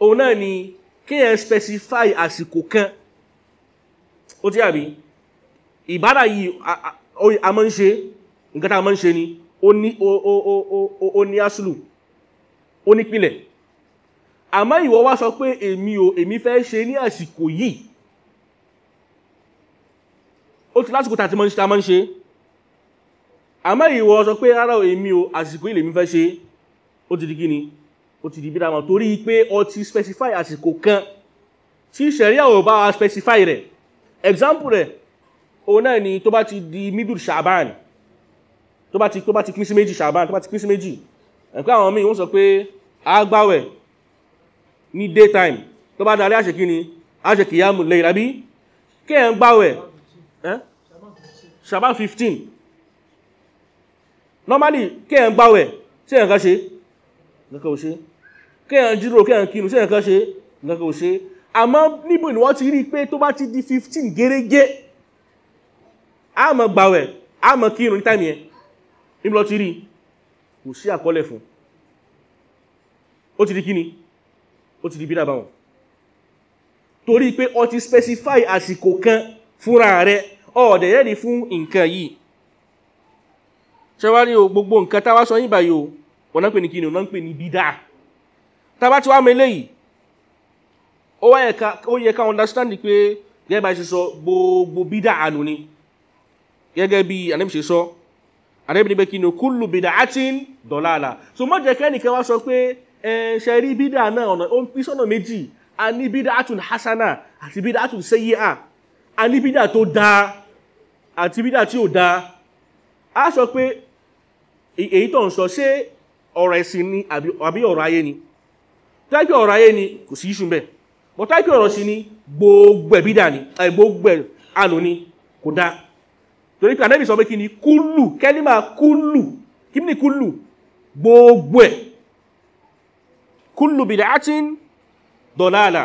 òun náà ni kéèyàn specify àsìkò kan ó ti àbí ìbádà yìí a máa ń ṣe nǹkan tá a máa ń ṣe ni ó ní ó ó ó ó ní aṣlù ó ní pìlẹ̀ àmọ́ ìwọ wá sọ pé èmi o èmi fẹ́ ṣe ní àsìkò yìí ó ti lásìkò tá a ti máa ń ṣe tá a ń ṣe àmọ́ ìwọ sọ pé rárá èmi o àsìkò yìí lèmi fẹ́ ṣe ó ti di kí ó ti di bí torí pé ó ti specify àsìkò kan tí ṣẹ̀ríà ò bá specify rẹ̀ example rẹ̀ òun náà ni tó bá ti di middle shaban tó bá ti tó bá ti pín sí méjì ṣàbán tó bá ti pín sí méjì ẹ̀pẹ́ àwọn míì wọ́n sọ pé a gbàwẹ̀ ní daytime tó bá dalẹ́ àṣẹ kí ni a ṣe kìyàmù lẹ́yìn àbí kí ẹ̀ ń gbàwẹ̀ ṣàbán 15 normally kí ẹ̀ ń gbàwẹ̀ sí ẹ̀ǹkan ṣe nǹkan ò ṣe kí ẹ̀ ń jírò kí ẹ̀ ń kinu sí ẹ̀ǹkan ṣe nǹkan ò ṣe àmọ́ níbo ni wọ́n ti rí pé tó bá ti di 15 gẹ́rẹ́gẹ́ a máa gbàwẹ̀ a ní táìmì yẹn níbi lọ ti rí kò sí àkọọ́lẹ̀ fún ó ti di kíni ó ti di bí dábàwọn torí pé ọ ti specify àsìkò kan fúnra rẹ̀ ọ̀dẹ̀yẹ́ ni fún nǹkan yìí ṣẹwárí o gbogbo nǹkan tàwá sọ yìí báyìí o wọ́n pè ní kíni wọ́n pè ní bídá tàbá tí wá mẹ́lẹ̀ yìí ó yẹ understand pé gẹ́gẹ́ bá ṣe sọ gbogbo bídá ànú ni gẹ́gẹ́ bí àníbìṣe sọ àrẹ́bìnrin pé kí ni kúlù bìdà átín dọ̀láàlà so má jẹ́ kẹ́nìkan wá sọ pé ẹ ṣe rí bídà náà ọ̀nà ó ń pín sọ́nà méjì a ní bídà átùn hasana àti bídà átùn sẹ́yíà a ní bídà tó dáa àti bídà tí ò dáa a sọ pé èyí tó ń sọ ṣé ọ̀rọ̀ ẹ̀sìn ni àbí ọ̀rọ̀ ayé ni táìpì ọ̀rọ̀ ayé ni kò sí iṣu bẹ́ẹ̀ bọ́ ọ̀rọ̀ sí ni gbogbo ẹ̀ ni gbogbo ẹ̀ ànú ni kò dáa torí pé ànábì sọ pé kí ni kúlù kẹ́límà kúlù kí ni kúlù gbogbo ẹ̀ kúlù bid'atin dọ̀láàlà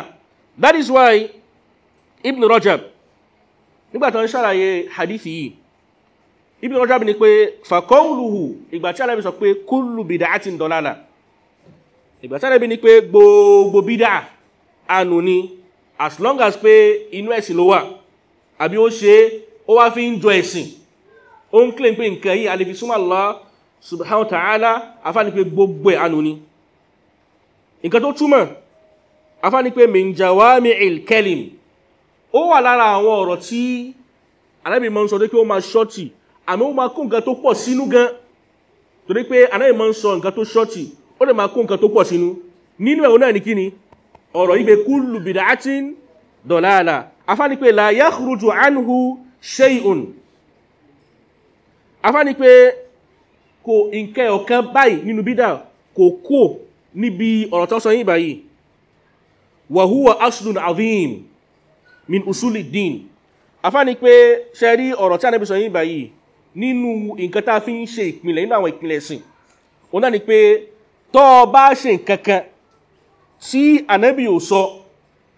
that is why ibn rajab nígbà tó ń ṣàlàyé hadithi yìí ibn rajab ní pé fàkọ́ùlùhù ìgbà tí ànábì sọ pé kúlù bid'atin dọ̀láàlà ìgbà tí ànábì ní pé gbogbo bid'a anu ni as long as pé inú ẹ̀sìn ló wà àbí ó ṣe ó wá fi ń jọ ẹ̀sìn ó ń claim pé nǹkan yìí a lè fi súnmọ́ Allah subhanahu wa ta'ala afáni pé gbogbo ẹ̀ anú ni nǹkan tó túmọ̀ afáni pé min jawami'il kalim ó wà lára àwọn ọ̀rọ̀ tí anábì máa ń sọ pé ó máa ṣọ́ọ̀tì àmì ó máa kó nǹkan tó pọ̀ sínú gan torí pé anábì máa ń sọ nǹkan tó ṣọ́ọ̀tì ó lè máa kó nǹkan tó pọ̀ sínú nínú ẹ̀wọ̀n náà ní kíni ọ̀rọ̀ yìí pé kullu bid'atin dalala afáni pé la yakhruju anhu ṣe'un afá ni pé kò nkẹ́ ọ̀kan báyìí nínú bídà kò kó níbi ọ̀rọ̀ tó sọ yìí báyìí wa huwa aslun azim min usuli din afá ni pé ṣe rí ọ̀rọ̀ tí Ànábì sọ yìí báyìí nínú nǹkan tá fi ń ṣe ìpìlẹ̀ nínú àwọn ìpìlẹ̀ ẹ̀sìn òun ni pé tó bá ṣe nǹkankan tí Ànábì ò sọ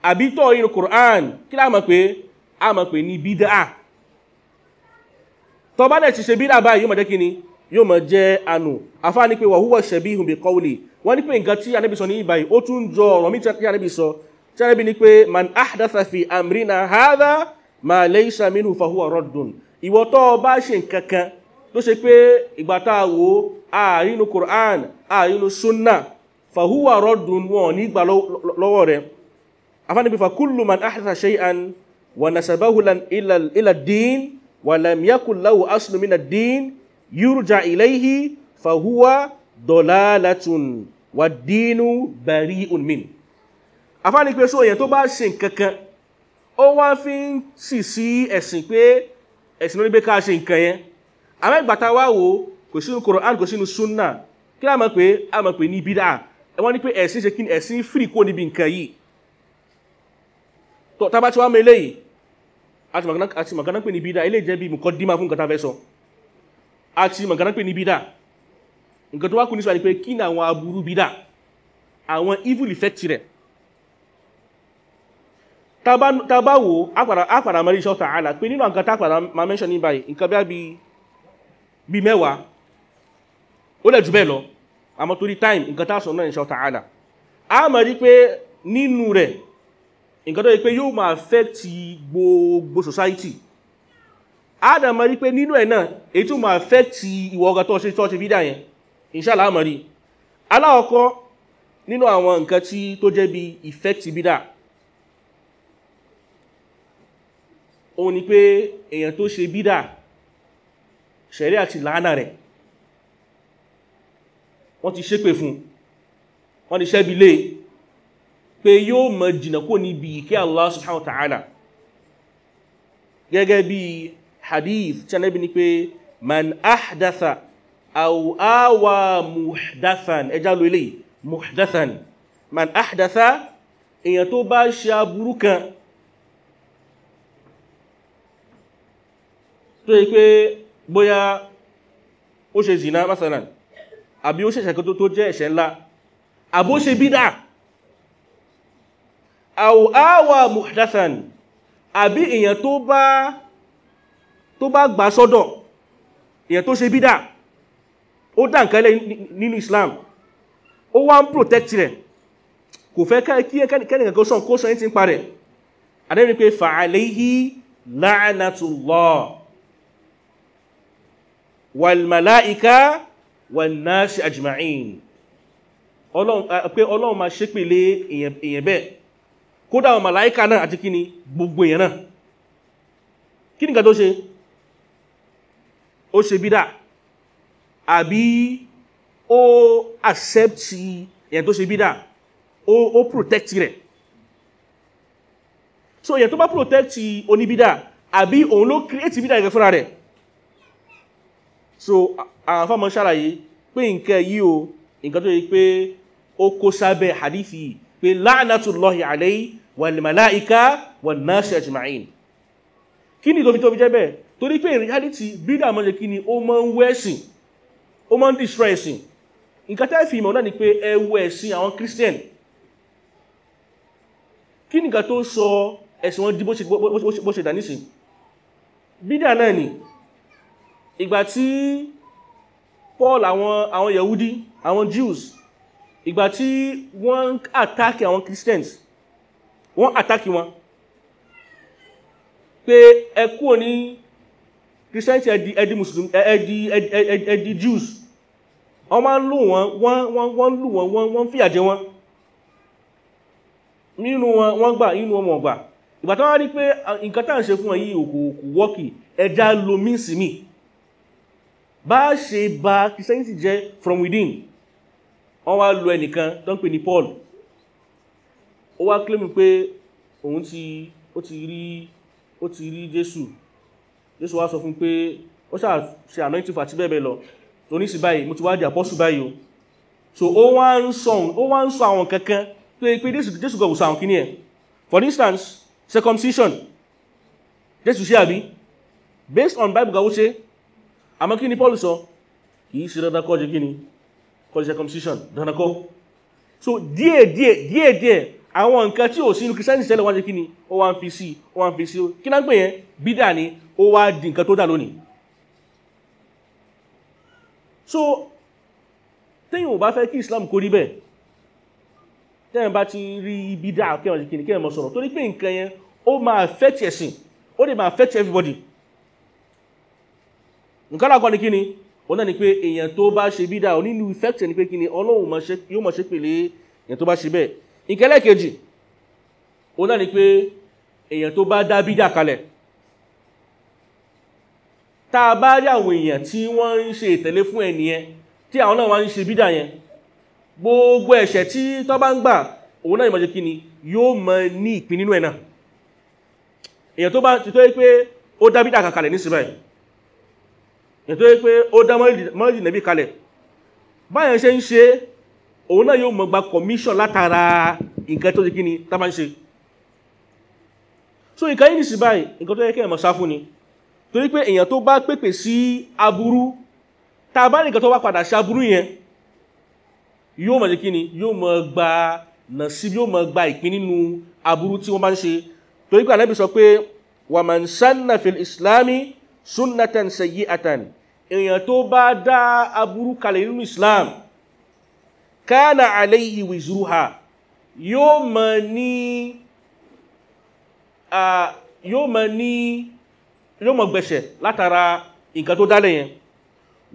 àbí tó inú Qur'an kí láàmà pé a mọ̀ pé ní bídà tọ́ bá dẹ̀ ti ṣe bídà báyìí yóò mọ̀ jẹ́ kí ni yóò mọ̀ jẹ́ ànù afá ní pé wà húwọ̀ ṣẹ̀bí ìhùn bí kọ́wùlì wọ́n ní pé nǹkan tí anábì sọ ní ìbáyìí ó tún jọ ọ̀rọ̀ mi tí anábì sọ tí anábì ní pé man ahdatha fi amrina hadha ma laysa minhu fa huwa raddun ìwọ tọ́ bá ṣe nǹkan kan tó ṣe pé ìgbà tá a wò àárínú Qur'an àárínú sunna fa huwa raddun wọn ní ìgbà lọ́wọ́ rẹ̀ afá ní pé fa kullu man ahdatha shay'an wa nasabahu ila ad-din walam yakun lahu aslun min ad-din yurja ilayhi fahuwa dalalatun wad-dinu bari'un min afani pé so èyàn tó bá ṣe nǹkankan ó wá fi ń sì sí ẹ̀sìn pé ẹ̀sìn ló ní pé ká ṣe nǹkan yẹn àwọn ìgbà tá wá wò kò sínú Qur'an kò sínú sunna kí a mọ̀ bá ti wá mọ àti magana pè ní bídá ilé jẹ́ bí mùkọ́ dímá fún kàtà fẹ́ sọ àti magana pè ní bídá nǹkan tó wá kú ní sọ́wà ní pé kí ní àwọn aburú bídá àwọn evil effect rẹ̀ tabawo àpàdà mẹ́rin iṣẹ́ ọ̀tà àlà pé nínú nǹkan tápàdà ma mention ní báyìí nǹkan bí mẹ́wàá ó lẹ̀ jù time nǹkan tá sọ a mọ̀ rí pé nǹkan tó yí pé yóò máa affect gbogbo society adam rí pé nínú ẹ̀ náà èyí tó máa affect ìwọ ọ̀gá tó ṣe tó ṣe fídà yẹn inshallah àmọ́ rí aláọ̀kọ́ nínú àwọn nǹkan tí tó jẹ́ bí effect bídà òun ni pé èèyàn tó ṣe bídà ṣẹ̀rí àti làánà rẹ̀ wọ́n ti ṣépè fún wọ́n ti ṣẹ́bi léè e pé yóò mọ̀ jìnà kó níbi ìkẹ́ Allah subhanahu wa ta'ala gẹ́gẹ́ bí hadith tánẹ́bí ni pé man ahdatha aw awa muhdathan ẹjá lo ilé muhdathan man ahdatha èyàn tó bá ṣe aburú kan tó yí pé bóyá ó ṣe zina masalan àbí ó ṣe ṣẹ̀kọ́ tó jẹ́ ẹ̀ṣẹ̀ ńlá àbó ṣe bídá aw awa muhdathan àbí èyàn tó bá tó bá gbà sọ́dọ̀ èyàn tó ṣe bídà ó dá nǹkan lẹ̀ nínú Islam ó wá ń protect rẹ̀ kò fẹ́ kí ẹkẹ́nìkan kó sọ kó sọ ẹ̀ntí ń parẹ̀ adẹ́rin pé fa'alayhi la'anatullah wal mala'ika wal pé ọlọ́run ma ṣépèlé èyàn bẹ́ẹ̀ kódà àwọn màláíkà náà àti kíni gbogbo èèyàn náà kí ni nǹkan tó ṣe ó ṣe bídà àbí ó accept èèyàn tó ṣe bídà ó protect rẹ̀ so èèyàn tó bá protect oníbídà àbí òun ló create bídà ìrẹ́ fúnra rẹ̀ so àwọn afọ́mọ́ ṣàlàyé pé nǹkan yìí o nǹkan tó yẹ pé ó kó sábẹ́ hadithi pé la'natullahi alayhi wàlmàláìká wàlnáṣẹ́ ajma'in kí ni tó fi tó fi jẹ́ bẹ́ẹ̀ torí pé in reality bídà mọ́ jẹ́ kí ni ó máa ń wẹ́ẹ̀sìn ó máa ń destroy ẹ̀sìn nǹkan tẹ́ ìmọ̀ náà ni pé ẹwọ ẹ̀sìn àwọn Christian kí ni nǹkan sọ ẹ̀sìn wọn di bó ṣe wọ́n àtàkì wọn pé ẹkú ní christianity ẹdi muslim ẹdi jews wọ́n máa ń lù wọ́n wọ́n lù wọ́n wọ́n fìyà jẹ wọ́n nínú wọn wọ́n gbà nínú wọn gbà ìgbà tó wá rí pé nǹkan tá à ń ṣe fún ẹ yìí òkú òkú wọ́kì ẹja lo mínsì mi bá ṣe ba christianity jẹ́ from within wọ́n wá lo ẹnìkan tó ń pè ní paul ó wá claim pé òun ti ó ti rí ó ti rí Jésù Jésù wá sọ fún pé ó ṣáà ṣe anointing fàtí bẹ́ẹ̀ bẹ́ẹ̀ lọ tó ní sí báyìí mo ti wá di apostle báyìí so ó wá ń sọ ó wá ń sọ àwọn kankan tó yẹ pé Jésù gbọ̀gbọ̀ sọ àwọn kìíní ẹ̀ for instance circumcision Jésù ṣe àbí based on Bible gàwó ṣe àmọ́ kí ni Paul sọ kìí ṣe dandan kọ́ jẹ́ kí ni call circumcision dandan kọ́ so díẹ̀ díẹ̀ díẹ̀ díẹ̀ àwọn nǹkan tí ò sínú kìrìsìtẹ́nì tẹ́lẹ̀ wọ́n ṣe kí ni ó wá ń fi sí ó wá ń fi sí ó kí náà ń pè yẹn bídà ni ó wá di nǹkan tó dà lónìí so téèyàn ò bá fẹ́ kí Islam kó rí bẹ́ẹ̀ téèyàn bá ti rí bídà kéèyàn ṣe kí ni kéèyàn mọ̀ sọ̀rọ̀ torí pé nǹkan yẹn ó máa affect ẹ̀sìn ó lè máa affect everybody nǹkan lákọ́ ni kí ni ó náà ni pé èèyàn tó bá ṣe bídà onínú effect ẹni pé kí ni Ọlọ́run yóò mọ̀ ṣe pèlè èèyàn tó bá ṣe bẹ́ẹ̀ ìkẹ́lẹ̀ o náà ni pé èyàn tó bá dá bídà kalẹ̀ tá a bá rí àwọn èyàn tí wọ́n ń ṣe ìtẹ̀lé fún ẹniyẹn tí àwọn náà wá ń ṣe bídà yẹn gbogbo ẹ̀ṣẹ̀ tí tọ́ bá ń gbà òun náà ìmọ̀jẹ́ kíni yóò mọ ní ìpín nínú ẹ̀ náà èyàn tó bá ti tó pé ó dá bídà kalẹ̀ ní síbẹ̀ èyàn tó pé ó dá mọ́lì nẹ́bí kalẹ̀ báyẹn ṣe ń ṣe òun náà yóò mọ̀ gba commission látara nǹkan tó ti ni tá ṣe so ìkan yìí nìsí báyìí nǹkan tó yẹ kí ẹ mọ̀ sá fún ni torí pé èèyàn tó bá pèpè sí aburú tá a bá nìkan tó bá padà sí aburú yẹn yóò mọ̀ sí ni yóò mọ̀ gba nà sí yóò mọ̀ gba ìpín nínú aburú tí wọ́n bá ń ṣe torí pé ànábì sọ pé wàmàn sanna fil islami sunnatan sayyi'atan èèyàn tó bá dá aburú kalẹ̀ nínú islam kana alayhi wizruha yóò ma ní yóò ma ní yóò ma gbẹ̀ṣẹ̀ látara nǹkan tó dálẹ̀ yẹn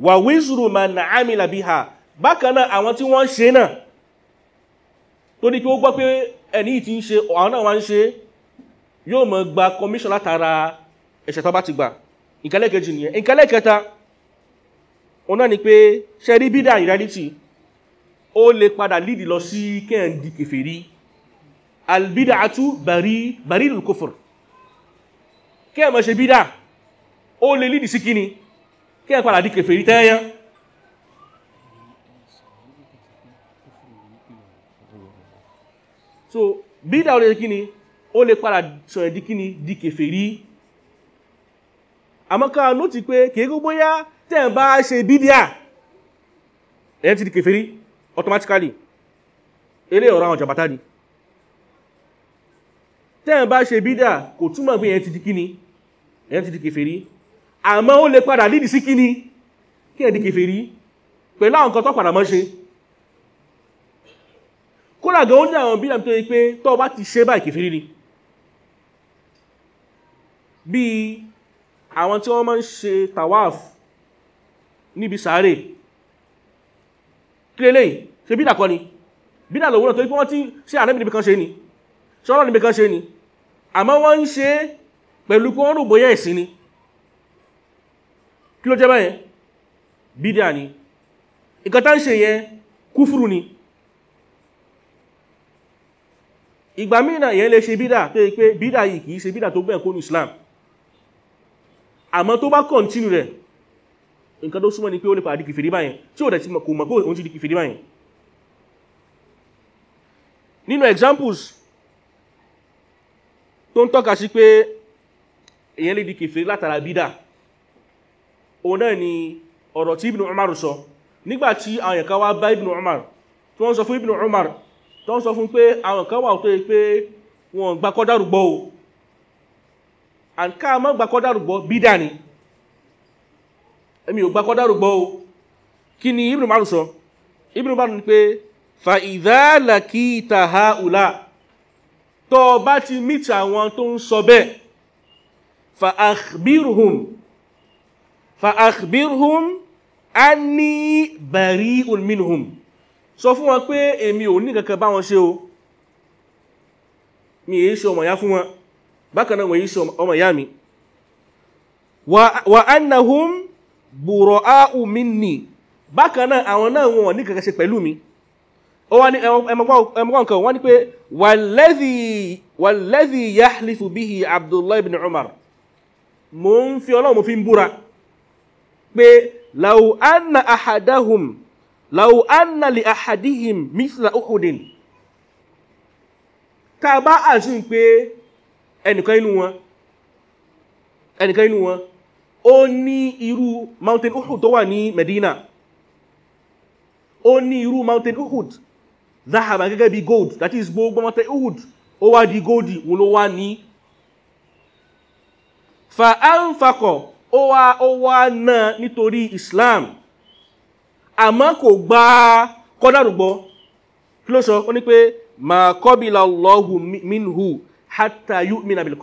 wà wizru man amila biha bákan náà àwọn tí wọ́n ṣe náà tó ní kí ó gbọ́ pé ẹni tí ń ṣe àwọn náà wá ń ṣe yóò mọ̀ gba commission látara ẹ̀ṣẹ̀ tó bá ti gbà ìkẹlẹ́kẹjì nìyẹn ìkẹlẹ́kẹta ọ̀nà ni pé ṣe bídà in ó lè padà lídì lọ sí kẹ́ẹ̀ndì kèfèrí albídà àtú bàrílù kòfòrò kẹ́ẹ̀mọ̀ ṣe bídà ó lè lídì sí kíni kẹ́ẹ̀ padà di kèfèrí tẹ́yán so bídà ó lè kíni ó lè padà sọ̀rọ̀ di kíni di kèfèrí àmọ́ká nóti pé kèé gbogbo yá tẹ́ẹ̀ bá ṣe bídà ẹ̀ ti di kèfèrí automatically ele ọ̀rọ̀ àwọn jàbátá ni tẹ́ẹ̀ bá ṣe bídà kò túmọ̀ pé yẹn ti di kíni yẹn ti di kèfèrí àmọ́ ó lè padà lídì sí kíni kí ẹ̀ di kèfèrí pẹ̀lú àwọn nǹkan tó padà mọ́ ṣe kódà gan ó ní àwọn bídà tó yẹ pé tó bá ti ṣe báyìí kèfèrí ni bíi àwọn tí wọ́n máa ń ṣe tawaf níbi sàárè kílé lẹ́yìn ṣe bídà kọ́ ni bídà lòwúrọ̀ tó wọ́n ti ṣe ànábì níbi kan ṣe ni ṣe ọlọ́run níbi kan ṣe ni àmọ́ wọ́n ń ṣe pẹ̀lú pé wọ́n rò bóyá ẹ̀sìn ni kí ló jẹ́ báyẹn bídà ni nǹkan tá ń ṣe yẹn kúfùrù yẹ nǹkan tó súnmọ́ ni pé ó lè pàdé kìfèrí báyẹn tí ó dẹ̀ ti kò mọ̀ òun ti di kìfèrí báyẹn nínú examples tó ń tọ́ka sí pé èyàn lè di kìfèrí látara bídà òun náà ni ọ̀rọ̀ tí Ibn Umar sọ nígbàtí àwọn kan wá bá Ibn Umar tí wọ́n sọ fún Ibn Umar tó ń sọ fún pé àwọn kan wà tó yẹ pé wọ́n gbà èmi ò gba kọ́dárù gbọ́ o kí ni ibùdó márùn sọ ibùdó márùn ni pé fa ìdálàkì ìtàhà ùlà tó o bá ti mítì àwọn tó ń sọ bẹ́ẹ̀ fa àkbírhùn fa àkbírhùn a ní bàrí olmínhùn sọ fún wọn pé èmi ò kankan bá wọn ṣe o mi èyí ṣe ọmọ ìyá fún wọn bákan náà wọ́n èyí ṣe ọmọ ìyá mi wa annahum bura'u minni bákan náà àwọn náà wọn ní kankan ṣe pẹ̀lú mi ó wá ní ẹmọgbọ́n kan wọ́n ní pé walladhi yahlifu bihi abdullahi ibn umar mo ń fi ọlọ́run mo fi ń búra pé law anna ahadahum law anna li ahadihim mithla uhudin ká bá àṣín pé ẹnìkan inú wọn ó ní irú mountain uhud tó wà ní medina ó ní irú mountain uhud gẹ́gẹ́ bí gold that is gbogbo mountain uhud ó wá di gold wọn ló wá ní fa'anfakọ̀ ó wá ó wá islam àmọ́ kò gbá kọ́dárùgbọ́ kí ló sọ ó ní pé ma minhu hatayu yu'mina bil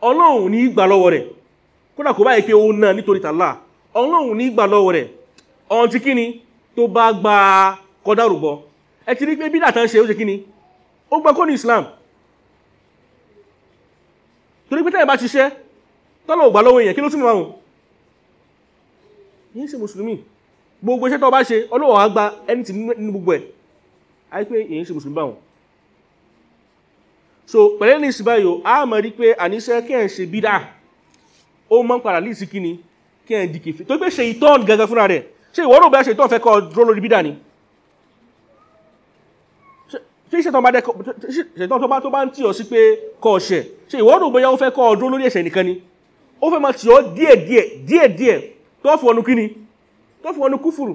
ọlọ́run ní lọ́wọ́ rẹ̀ kódà kò báyìí pé ó náà nítorí tàlá ọlọ́run ní gbà lọ́wọ́ rẹ̀ ọ̀n ti kíni tó bá gba kọdá rúbọ ẹ ti rí pé bídà tán ṣe ó ṣe kíni ó gbà kó ní Islam torí pé tẹ́yìn bá ṣiṣẹ́ tọ́lọ̀ ò so pẹ̀lẹ́ ní ìsìnbáyò á mọ̀ rí pé àníṣẹ́ kẹ́ ẹ̀ ṣe bídà ó mọ́ ń padà líìsì kí ni kí ẹ̀ ń di kèfèrí tó pé ṣe ìtọ́n gẹ́gẹ́ fúnra rẹ̀ ṣe ìwọ́n rògbà ṣe ìtọ́n fẹ́ kọ́ dúró lórí bídà ni ṣe ìṣẹ̀tọ́n tó bá ń tì ọ́ sí pé kọ́ ọ̀ṣẹ̀ ṣe ìwọ́n rògbà ó fẹ́ kọ́ dúró lórí ẹ̀ṣẹ̀ nìkan ni ó fẹ́ máa tì ọ́ díẹ̀ díẹ̀ díẹ̀ díẹ̀ tó fún ọnu kí ni tó fún ọnu kúfùrù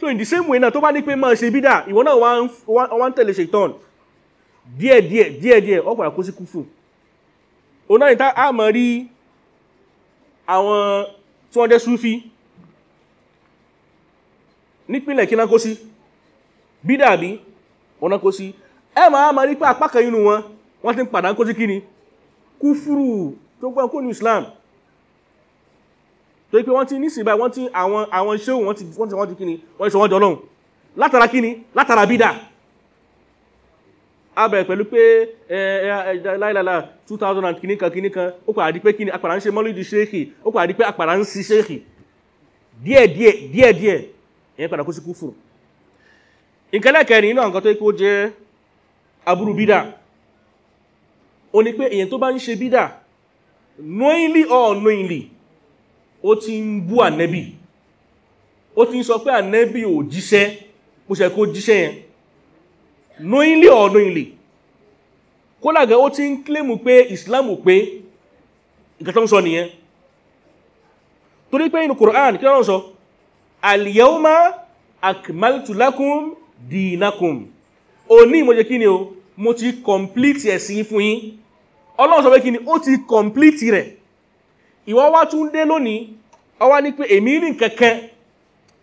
so in the same way náà tó bá ní pé máa ṣe bídà ìwọ náà wá ń tẹ̀lé ṣe ìtọ́n díẹ̀ díẹ̀ kó sí kúfùrù òun náà ní rí àwọn tí wọ́n dé súfí nípínlẹ̀ kí náà kó sí bídàbí ọ̀nà kó sí ẹ ma ma rí pé apá kan inú wọn wọ́n ti ń padà ń kó sí kíni kúfúrù tó gbọ́n kó ní Islam tó ipé wọ́n ti nísìnbà wọ́n ti àwọn ṣéhùn wọ́n ti wọ́n ti kíni wọ́n ti sọ wọ́n jọ lọ́hùn látara kíni látara bídà a bẹ̀rẹ̀ pẹ̀lú pé láìláìlá two thousand and kìnnìkan kìnnìkan ó pàdé pé kìnnì àpàrà ń ṣe mọ́lídìí ṣéèkì ó pàdé pé àpàrà ń si ṣéèkì díẹ̀díẹ̀ díẹ̀díẹ̀ ẹ̀yẹn padà kó sí kú fún nǹkan lẹ́kẹ̀ẹ́rin iná nǹkan tó kó jẹ́ aburú bídà o ní pé èyàn tó bá ń ṣe bídà knowingly or unknowingly ó ti ń bú ànẹ́bì ó ti ń sọ pé ànẹ́bì ò jíṣẹ́ kó ṣe kó jíṣẹ́ yẹn knowingly or unknowingly kódà gan ó ti ń kílèmù pé islam pé ń sọ nìyẹn torí pé inú Qur'an kí lọ́rọ̀ sọ al dinakum òní kí o mo ti ẹ̀sìn fún sọ pé ni ó ti complete rẹ̀ ìwọ wá tún dé lónìí ọwá ní pé èmi ní kẹ̀kẹ́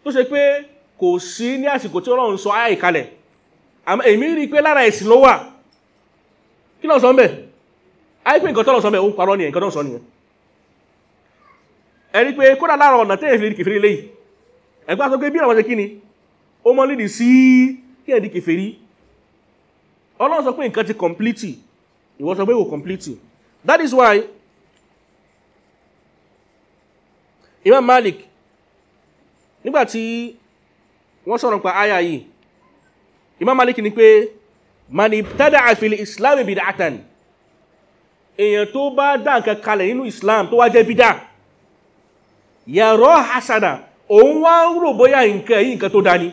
tó ṣe pé kò sí ní àsìkò tí èmi rí pé lára ẹ̀sìn ló wà kí lọ sọ ń bẹ̀ àìpé nǹkan tọ́lọ̀ sọ ń bẹ̀ ó parọ́ nìyẹn nǹkan tọ́lọ̀ sọ nìyẹn ẹ̀rí pé kódà lára ọ̀nà tẹ́yẹ̀ fi di kèfèrí léyìí ẹ̀gbọ́n sọ pé bí àwọn ṣe kí ni ó mọ́ lídìí sí kí ẹ̀ di kèfèrí ọlọ́run sọ pé nǹkan ti kọ̀mplítì ìwọ sọ pé kò kọ̀mplítì that is why Imam Malik nígbàtí wọ́n sọ̀rọ̀ pa áyà yìí imam malik ni pé mani tada àfilì islam bìdà àtàn èèyàn tó bá dá nǹkan kalẹ̀ nínú islam tó wá jẹ́ bídà yàrá hasana òun wá ń rò bóyá nǹkan yìí nǹkan tó dání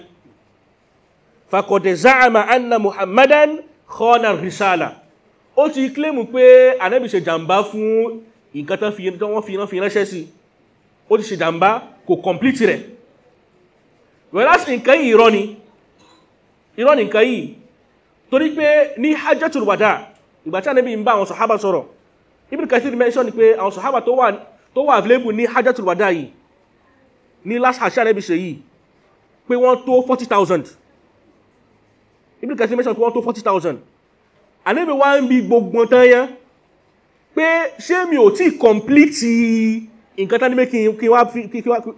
fakọ̀dẹ̀ záàmà anna muhammadan khana risala ó ti kílèmù pé anábì ṣe jàmbá fún nǹkan tó wọ́n fi ránfi ránṣẹ́ sí ó ti ṣe jàmbá kò complete rẹ̀ whereas nǹkan yìí irọ́ ni irọ́ nìkan yìí torí pé ní hajjatul wada ìgbà tí ànábì ń bá àwọn sọ̀hábà sọ̀rọ̀ Ibn Kathir mention pé àwọn sọ̀hábà tó wà available ní hajjatul yìí ní last hajj ànábì ṣe yìí pé wọ́n tó 40,000 Ibn Kathir mention pé wọ́n tó 40,000 ànábì wá bi gbogbo tán yẹn pé ṣé complete nǹkan tán ní pé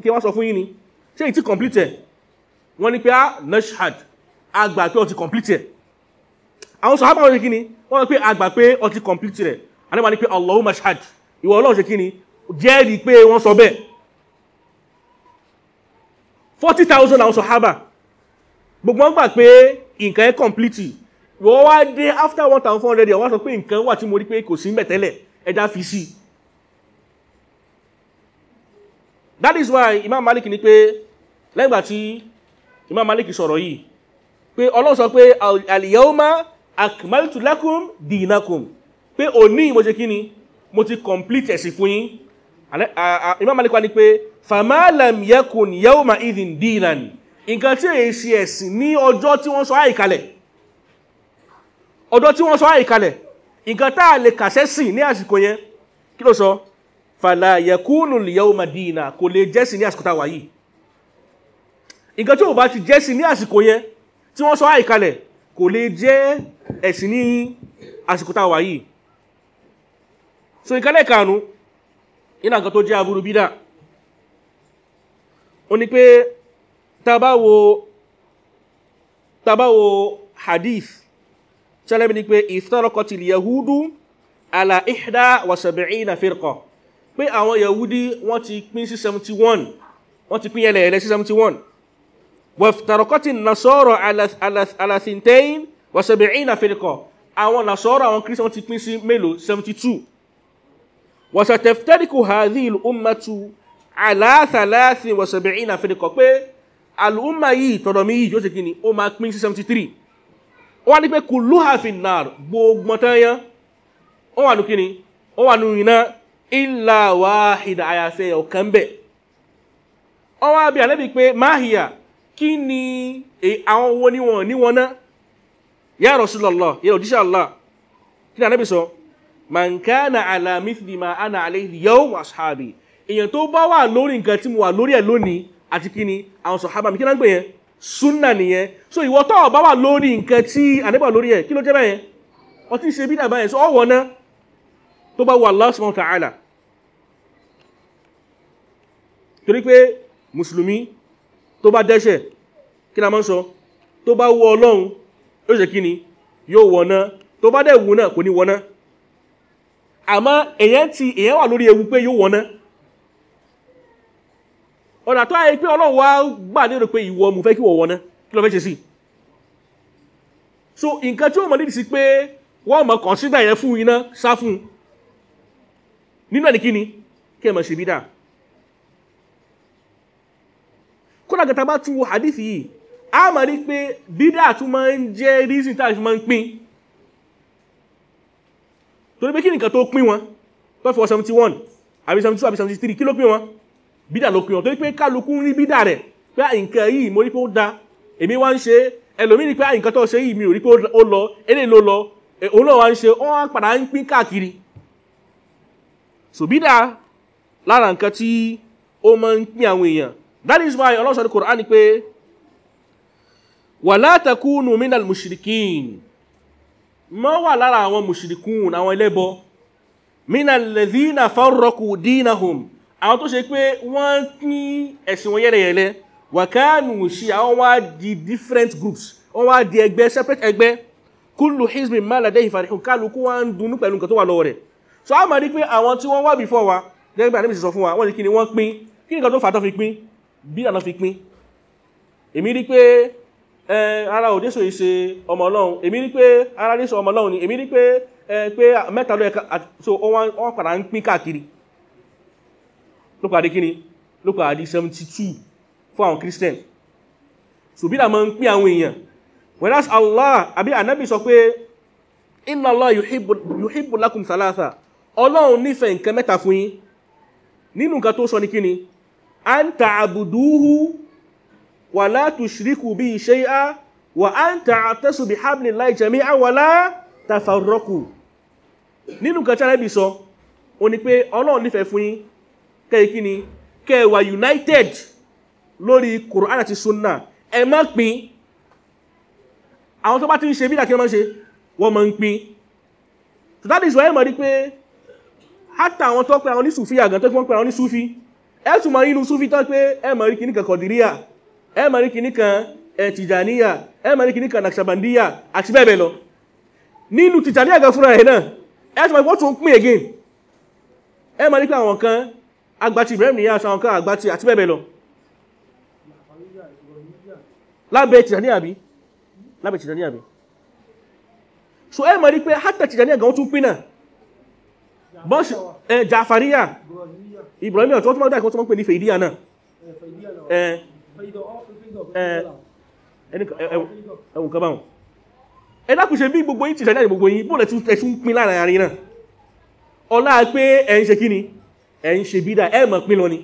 kí wá sọ fún yín ni complete ẹ̀ wọ́n ní pé ah nashhad àgbà pé ó ti complete ẹ̀ àwọn sàhábà wọn ṣe kí ni wọ́n pé àgbà pé ó ti complete rẹ̀ anábà ní pé Allahumma shahad ìwọ ọlọ́run ṣe kí ni jẹ́rìí pé wọ́n sọ bẹ́ẹ̀ 40,000 àwọn sàhábà gbogbo wọn gbà pé nǹkan ẹ̀ complete wọ́n wá dé after 1400 wọ́n sọ pé nǹkan wà tí mo rí pé kò sí mẹ̀tẹ́lẹ̀ ẹja fi sí that is why Imam Malik ní pé lẹ́gbàá tí Imam Malik sọ̀rọ̀ yìí pé ọlọ́run sọ pé àlìyàwómá akmaltu lakum dinakum pé òní mo ṣe kí ni mo ti complete ẹ̀sìn fún yín Imam Malik wá ní pé famalam yakun yawma idhin dinan nǹkan tí èyí ṣe ẹ̀sìn ní ọjọ́ tí wọ́n sọ àìkalẹ̀ ọjọ́ tí wọ́n sọ àìkalẹ̀ nǹkan tá a lè kàṣẹ́ sí ní àsìkò yẹn kí ló sọ fàlà yẹkúnù lìyàwó kò lè jẹ́sìn ní àsìkò táwa yìí nǹkan tí ò bá ti jẹ́sìn ní àsìkò yẹn tí wọ́n sọ àìkalẹ̀ kò lè jẹ́ ẹ̀sìn ní àsìkò tá a wà yìí so ìkalẹ̀ kanu iná nǹkan tó jẹ́ aburú bídà ó ní pé tabawo tabawo hadith tẹ́lẹ̀mí ni pé iftaraqatil yahudu ala ihda wa sab'ina firqa pé àwọn yahudi wọ́n ti pín sí 71 wọ́n ti pín ẹlẹ́ẹ̀lẹ́ sí 71 waftarokoti nasọrọ alasintein wasabi'in nafilikọ àwọn nasọrọ àwọn kristian wọ́n ti pín sí mélòó seventy two wasateftariku hadhi ummatu alasalasi wasabi'in nafilikọ pé al'umma yìí tọ̀dọ̀ mi yìí yóò ṣe kíni ó máa pín sí seventy three ó wá ní pé kulluha finnar gbogbo tanyán ó wà ní kíni ó wà ní iná illa wahida àyàfẹ́ ọ̀kan bẹ̀ ó wá bi Ànábì pé máhìyà kí e, ni àwọn owó ní wọn ní wọn náà ya Rasulullah ya òjíṣẹ́ Allah kí ni anábì sọ man kana ala mithli ma ana alayhi yawm ashabi èèyàn tó bá wà lórí nǹkan tí mo wà lórí ẹ̀ lónìí àti kí ni àwọn sàhábà mi kí náà ń yẹn súnà nìyẹn so ìwọ tó bá wà lórí nǹkan tí àníbà lórí ẹ̀ kí ló jẹ́ bẹ́yẹn ọtí ṣe bí dàbá yẹn so ọwọ́ náà tó bá wà Allah subhanahu wa ta'ala torí pé mùsùlùmí tó bá dẹ́ṣẹ̀ kí la máa ń sọ tó bá wọ ọlọ́run yóò ṣe kí ni yóò wọ̀ná tó bá dẹ̀ wù náà kò ní wọ̀ná àmọ́ èyàn ti èyàn wà lórí ewu pé yóò wọ̀ná ọ̀nà tó ayé pé ọlọ́run wá gbà lérò pé ìwọ mú fẹ́ kí wọ̀ wọ̀ná kí ló fẹ́ ṣe sí so nǹkan tí ó mọ̀ nídìí sí pé wọ́n mọ̀ consider yẹn fún iná sá fún nínú ẹ̀ ní kí ni kí ẹ mọ̀ ṣe bí dáa kódà kẹta bá tún wo hadith yìí a mọ̀ rí pé bídà tún máa ń jẹ́ reason tá a fi máa ń pín torí pé kí nìkan tó pín wọn tó one àbí seventy two àbí seventy three kí ló pín wọn bídà ló pín wọn torí pé kálukú ń rí bídà rẹ̀ pé nǹkan yìí mo rí pé ó da èmi wá ń ṣe ẹlòmíì ni pé nǹkan tó ṣe yìí mi ò rí pé ó lọ eléyìí ló lọ òun náà wá ń ṣe wọn padà ń pín káàkiri so bídà lára nǹkan tí ó máa ń pín àwọn èèyàn that is why ọlọ́sọ̀ ní Quran pé wala takunu minal mushrikin mọ́ wà lára àwọn mushrikun àwọn ẹlẹ́bọ minal ladhina farraqu dinahum àwọn tó ṣe pé wọ́n ní ẹ̀sìn wọn yẹ́rẹ̀yẹ̀lẹ́ wàkánù sí àwọn wá di different groups wọ́n wá di ẹgbẹ́ separate ẹgbẹ́ kullu hizbin ma ladayhim farihun kálukú wá ń dunú pẹ̀lú so a máa rí pé àwọn tí wọ́n before wa gẹ́gẹ́ bí àníbi sọ fún wa wọ́n ní kí ni wọ́n tó fà fi pín bí àná fi pín èmi rí pé ara òdésò yìí ṣe ọmọ ọlọ́run èmi rí pé ara désò ọmọ ọlọ́run ni èmi rí pé pé mẹ́ta ló ẹ̀ka so wọ́n padà ń pín káàkiri ló padà kí ni ló padà di fún àwọn christian so bí àmọ́ ń pín àwọn èèyàn whereas allah àbí anabi sọ pé inna allah yuhibbu yuhibbu lakum thalatha ọlọ́run nífẹ̀ẹ́ nǹkan mẹ́ta fún yín nínú nǹkan tó sọ ni kí an ta'abuduhu wa la tushriku bihi shay'a wa an ta'tasu bi hablillahi jami'an wa la tafarraqu nínú kan tare bi so ó ní pé Ọlọ́run nífẹ̀ẹ́ fún yín ke kini ke wà united lórí Qur'an àti sunna ẹ má pín àwọn tó bá tin ṣe bí da kí má ṣe wọ́n má pín so that is why mo rí pé hatta àwọn tó pè àwọn ní sufi agan tó pè àwọn ní sufi ẹ̀tù mọ̀ nínú súfí tán pé ẹmọ̀rí kìíní kan kọ̀dìríà ẹmọ̀rí kìíní kan tìjàníyà ẹmọ̀rí kìíní kan nàkṣàbàndíyà àti bẹ́ẹ̀ bẹ́ẹ̀ lọ nínú tìjàníyà gan fúnra ẹ̀ náà ẹ̀tù mọ̀ ìwọ́tún again ẹmọ̀rí pé àwọn kan agbátí Ibrahim níyà aṣọ àwọn kan agbátí àti bẹ́ẹ̀ bẹ́ẹ̀ lọ lábẹ́ tìjàníyà bí lábẹ́ tìjàníyà bí so ẹmọ̀rí pé hátà tìjàníyà gan tún pín bọ́ṣù ẹ̀ jàfàríyà ibrahim ọ̀tọ́ tó máa dáa kí wọ́n tó máa ń pè ní fèdíà náà eh, eh, ẹ̀wùn eh, kan báwọn ẹ̀dàkùn ṣe bí gbogbo yín ti ṣàjáde gbogbo yín bóòlẹ̀ tún ẹ̀ṣún pín láàrin àárín náà ọlá pé ẹ̀ ń ṣe kí ni ẹ̀ ń ṣe bídà ẹ̀ mọ̀ pín lọ ni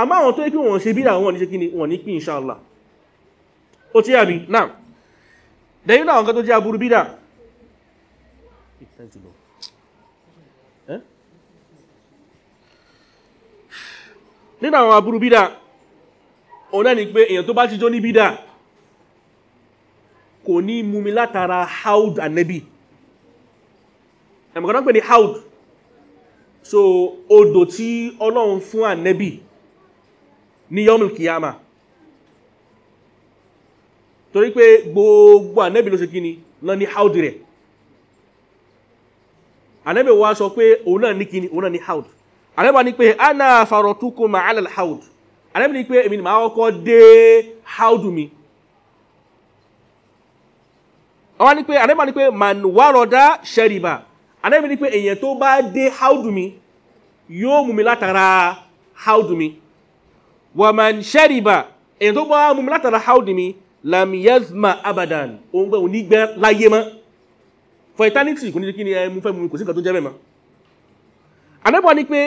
àmọ́ àwọn tó yẹ kí wọ́n ṣe bídà wọn ní ṣe kí ni wọ́n ní pín inshallah ó ti yà bí náà dẹ̀yìn náà nǹkan tó jẹ́ aburú bídà ìtẹ́jùlọ nínú àwọn aburú bídà òun náà ni pé èyàn tó bá ti jó ní bídà kò ní mumi látara haud annabi ẹ̀mọ̀kan pè ní haud so odò tí ọlọ́run fún annabi ní yomil kiyama torí pé gbogbo annabi ló ṣe kí ni lọ ní haud rẹ̀ annabi wá sọ pé òun náà ní kí ni òun náà ní haud àlẹ́bà ni pé ana farotukum ma'ala al-hawd àlẹ́bà ni pé èmi ni màá kọ́kọ́ dé haudu mi ọwọ́ ni pé àlẹ́bà ni pé man waroda shariba àlẹ́bà ni pé èèyàn tó bá dé haudu mi yóò mú mi látara haudu mi wa man shariba èèyàn tó bá mú mi látara haudu mi lam abadan òun gbẹ́ òní láyé mọ́ for eternity kò ní kí ni ẹ mú fẹ́ mú mi kò sí nǹkan jẹ́ bẹ́ẹ̀ anábọ̀ ni pé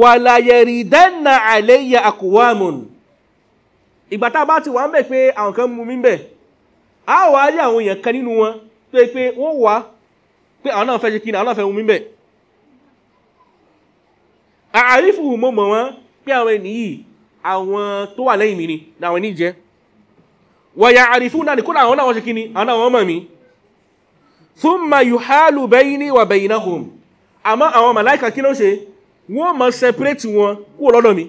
wàlàyẹ̀rì dẹ́nà àìlẹ́yẹ àkùwàmùn ìgbà tá a bá ti wà ń bẹ̀ pé àwọn kan mú mi ń bẹ̀ á wà rí àwọn èèyàn kan nínú wọn tó yẹ pé wọ́n wà pé àwọn náà fẹ́ ṣe kí ni àwọn náà fẹ́ mú mi ń bẹ̀ àrífù mo mọ̀ wọ́n pé àwọn ènìyàn àwọn tó wà lẹ́yìn mi ni làwọn ènìyàn wọ̀yà àrífù náà ni kódà àwọn náà wọ́n ṣe àwọn náà wọ́n mọ̀ mi àmọ́ àwọn màláìkà kí ló ṣe wọ́n máa separate wọn kúrò lọ́dọ̀ mi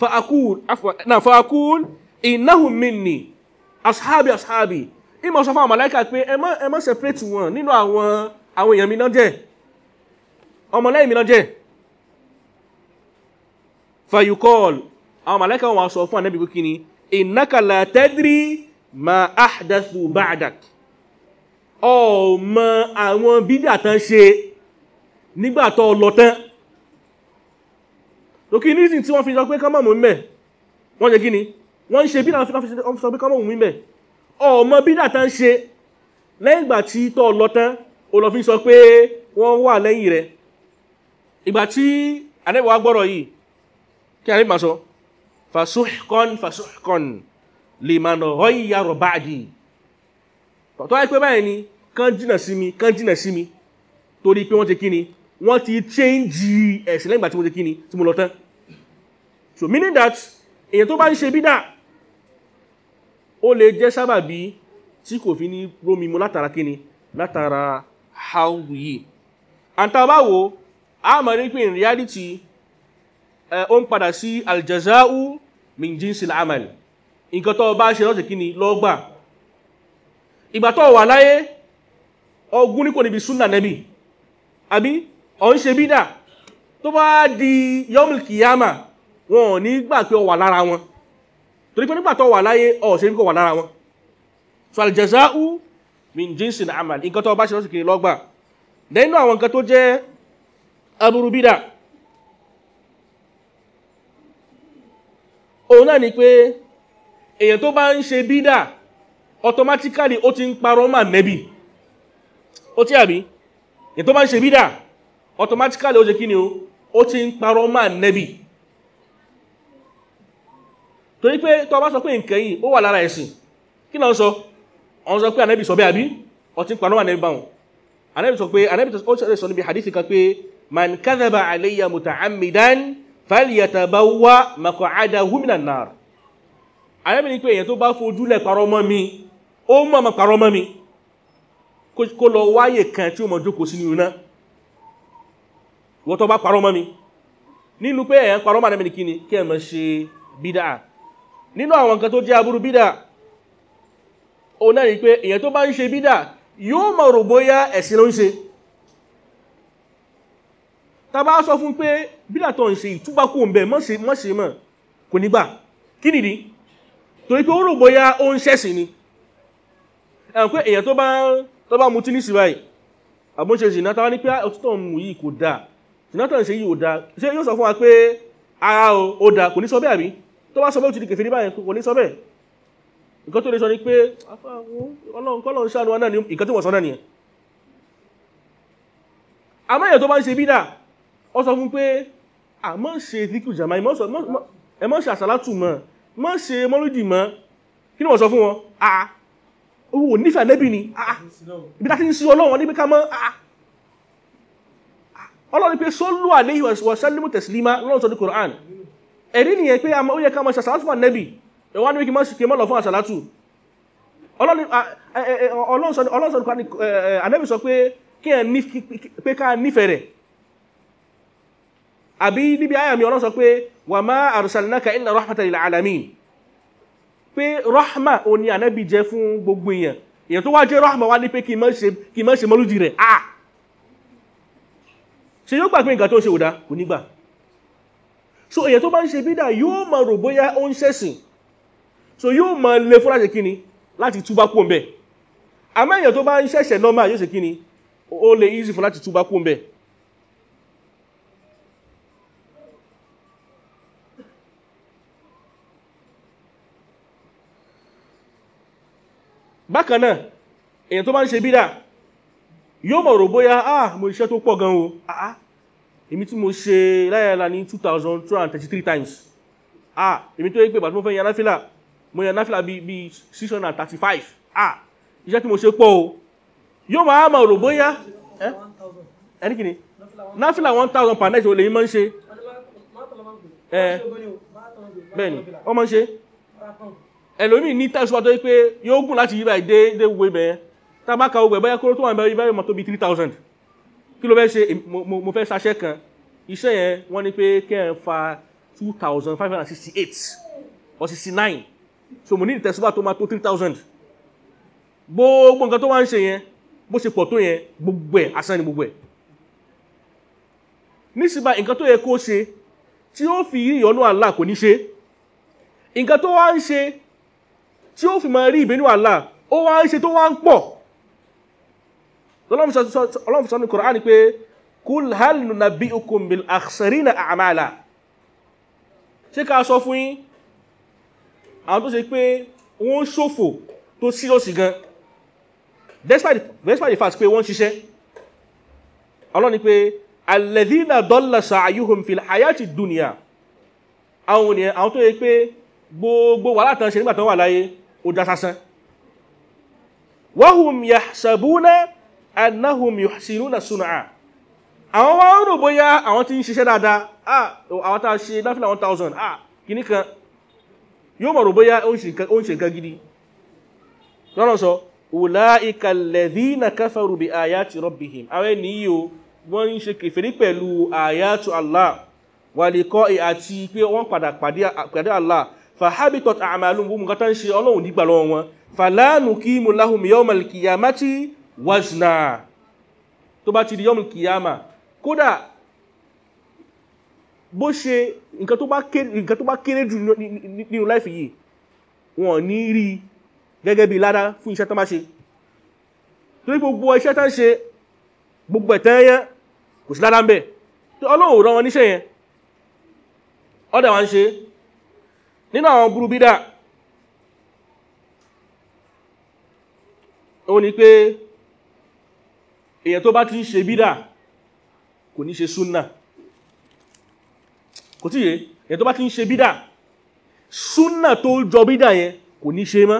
fa'akul na fa'akul innahum minni ashabi ashabi ìmọ̀ sọ fún àwọn màláìkà pé ẹ má separate wọn nínú àwọn àwọn èèyàn mi náà jẹ́ ọmọlẹ́yìn mi náà jẹ́ fayukol àwọn màláìkà wọn sọ fún ànábì kí ni innaka la tadri ma ahdathu ba'dak ọmọ àwọn bídà tán ṣe nígbàtọ̀ ọlọ́tán lókè nísìn tí wọ́n fi sọ pé kọ́mọ̀ mú mẹ́ wọ́n jẹ́ gíní wọ́n ń ṣe bídà wọ́n fi sọ pé kọ́mọ̀ mú mẹ́ ọmọ bídà tán ṣe lẹ́yìn ìgbà tí tọ́ ọlọ́tán olọ́fin sọ pé wọ́n wà lẹ́yìn rẹ̀ ìgbà tí àdẹ́bọ̀wá gbọ́rọ̀ yìí kí àdẹ́bọ̀ sọ fasuhkon lè mànà rọ́yìn yàrọ̀ báàdì tó wáyé pé báyìí ni kán jìnà sí mi kán jìnà sí mi torí pé wọ́n ti kí ni wọ́n ti change ẹ̀sìn lẹ́yìn ìgbà tí mo ti kí ni tí mo lọ tán so meaning that èyàn tó bá ń ṣe bídà ó lè jẹ́ sábàbí tí kò fi ní rómi mu látara kí ni látara how we àtàbáwò a mọ̀ ní pé in reality eh, ó ń padà sí aljaza'u min jinsil amal nǹkan tó bá ṣe lọ́sẹ̀ kí ni lọ́gbà ìgbà tó wà láyé ọgún ní kò níbi súnà nẹ́bì àbí ọ̀ ń ṣe bídà tó bá di yọmùl kìyàmà wọn ò ní gbà pé ọ wà lára wọn torí pé nígbà tó wà láyé ọ̀ ṣe ní kò wà lára wọn so aljaza'u min jinsin amal nǹkan tó bá ṣe lọ́sìkiri lọ́gbà èèyàn tó bá ń ṣe bídà automatically ó ti ń parọ́ mà nẹ́bì ó tí àbí ètò bá ń ṣe bídà automatically ó jẹ́ kí ni o ó ti ń parọ́ mà nẹ́bì torí pé tó bá sọ pé nǹkan yìí ó wà lára ẹ̀sìn kí náà sọ ọ̀n sọ pé ànẹ́bì sọ bẹ́ àbí ó ti ń parọ́ mà nẹ́bì báwọn ànẹ́bì sọ pé ànẹ́bì ó sọ níbi hadith kan pé man kadhaba alayya muta'ammidan falyatabawwa maq'adahu minan nar ànẹ́bì ni pé èèyàn tó bá fojú lẹ̀ parọ́ mi ó mọ̀ mọ̀ pàrọ̀ mọ́ mi kó lọ wáyè kan tí ó mọ̀ jókòó sínú iná wọ́n tó bá pàrọ̀ mọ́ mi nínú pé ẹ̀yàn pàrọ̀ mọ́ àdẹ́mìnì kíni kí ẹ mọ̀ ṣe bídà nínú àwọn nǹkan tó jẹ́ aburú bídà ó náà ni pé èyàn tó bá ń ṣe bídà yóò mọ̀ rò bóyá ẹ̀sìn ló ń ṣe ta bá sọ fún pé bídà tó ń ṣe ìtúbákù ń bẹ̀ mọ́ ṣe mọ́ kò nígbà kí nìdí torí ó rò bóyá ó ń ṣẹ̀sìn ni ẹ̀rùn pé èyàn tó bá mutí ní síwáì àbúnṣe sinata wá ní pé ọtútọ̀ ah, mú yìí kò dáa sinata ṣe yìí ò dáa ṣe yóò sọ fún wa pé ara ò dáa kò ní sọ bẹ́ẹ̀ àbí tó bá sọ bẹ́ẹ̀ ó ti di kèfèrí báyìí kò ní sọ bẹ́ẹ̀ nǹkan tó lè sọ ni pé ọlọ́run kọ́lọ́run ṣàánú wa náà ni nǹkan tí wọ́n sọ náà nìyẹn àmọ́ èyàn tó bá ń ṣe bídà ó sọ fún pé àmọ́ kí ni wọ́n sọ fún wọn wò nífẹ̀ẹ́ ànábì ni ah, ah. ibi láti ń sí ọlọ́run níbi ká mọ́ ah, ọlọ́run pé sallu alayhi wa sallimu taslima lọ́run sọ ní Qur'an ẹ̀rí nìyẹn pé ó yẹ ká mọ́ ṣàṣàlátù fún ànábì ẹ̀wọ́n ní wíkí mọ́ ṣìkè mọ́ lọ fún àṣàlátù ọlọ́run sọ ní ànábì sọ pé ká nífẹ̀ẹ́ rẹ̀ àbí níbi àyàmì ọlọ́run sọ pé wa ma arsalnaka illa rahmatan lil alamin pé rahma ò ní ànábì jẹ́ fún gbogbo èèyàn èèyàn tó wá jẹ́ rahma wá ní pé kí n mọ́ ṣe mọ́lúdì rẹ̀ ah ṣe yóò gbà nǹkan tó ṣe òdá kò nígbà so èèyàn tó bá ń ṣe bídà yóò máa rò bóyá ó ń ṣẹ̀sìn so yóò máa lè fúnra ṣe kíni láti túbá kú ń bẹ̀ àmọ́ èèyàn tó bá ń ṣẹ̀ṣẹ̀ normal yóò ṣe kíni ó lè easy fún láti túbá kú ń bẹ̀ bákan náà èyàn tó bá ń ṣe bídà yóò mọ̀ rò bóyá ah mo iṣẹ́ tó pọ̀ gan o ah èmi tí mo ṣe láyàlá ní 2233 times ah èmi tó yẹ pé bàtí mo fẹ́ yan náfìlà mo yan náfìlà bí bí 635 ah iṣẹ́ tí mo ṣe pọ̀ o yóò máa mọ̀ rò bóyá ẹni kìíní náfìlà 1000 per night olè yìí máa ń ṣe bẹ́ẹ̀ni ọmọ ń ṣe ẹlòmíì ní tẹ́sùwá tó yẹ pé yóò gùn láti yíba ìdé dé wúwe bẹ́ẹ̀ tá a bá ka ogun ẹ̀ báyà kóró tó wà níbẹ̀ yíba yóò mọ̀ tó bíi kí ló fẹ́ ṣe mo fẹ́ ṣaṣẹ́ kan iṣẹ́ yẹn wọ́n ní pé kẹ́ ẹ̀ ń fa two or sixty so mo ní ìtẹ̀síwá tó máa tó three thousand gbogbo nǹkan tó wá ń ṣe yẹn bó ṣe pọ̀ tó yẹn gbogbo ẹ̀ asán ni gbogbo ẹ̀ nísìbà nǹkan tó yẹ kó ṣe tí ó fi yíyọnú àlá kò ní ṣe nǹkan tó wá ń ṣe tí ó fi máa rí ìbínú Allah ó wá ń ṣe tó wá ń pọ̀ ọlọ́run sọ ní Kùránì pé kul hal nunabbi'ukum bil akhsarina a'mala ṣé ká sọ fún yín àwọn tó ṣe pé wọ́n ṣòfò tó sílọ́sì gan despite the fact pé wọ́n ṣiṣẹ́ ọlọ́run ni ènìyàn àwọn tó yẹ pé gbogbo wàhálà tán ṣe nígbà wà láyé ó dá sásán wahum yahsabuna annahum yuhsinuna sun'a àwọn wá ń rò bóyá àwọn tí ń ṣiṣẹ́ dáadáa ah, àwọn tá a ṣe náfílà 1000 kìíní kan yóò mọ̀ rò bóyá ó ń ṣe nǹkan gidi lọ́nà sọ ulaika alladhina kafaru bi ayati rabbihim àwọn ènìyàn o wọ́n ń ṣe kèfèrí ayatu Allah wa liqa'i àti pé wọ́n padà pàdé Allah fàhábìtọ̀t àmàlù gbogbo nǹkan tán ṣe ọlọ́run nígbà wọn fàlánù kí mú láhùn yọ́mù kìyàmá tí wàzìnà tó bá ti di yọ́mù kìyàmá kódà bó ṣe nǹkan tó bá kéré jù nínú láìfì yìí wọn ní rí gẹ́gẹ́ bí ládá fún iṣẹ́ tán bá ṣe torí gbogbo ṣe gbogbo ẹ̀tẹ́ nínú àwọn burú bídá ó ní pé èyàn tó bá ti ń ṣe bídá kò ní ṣe súnnà kò tíye èyàn tó bá ti ń ṣe bídá súnnà tó jọ bídá yẹn kò ní ṣe mọ́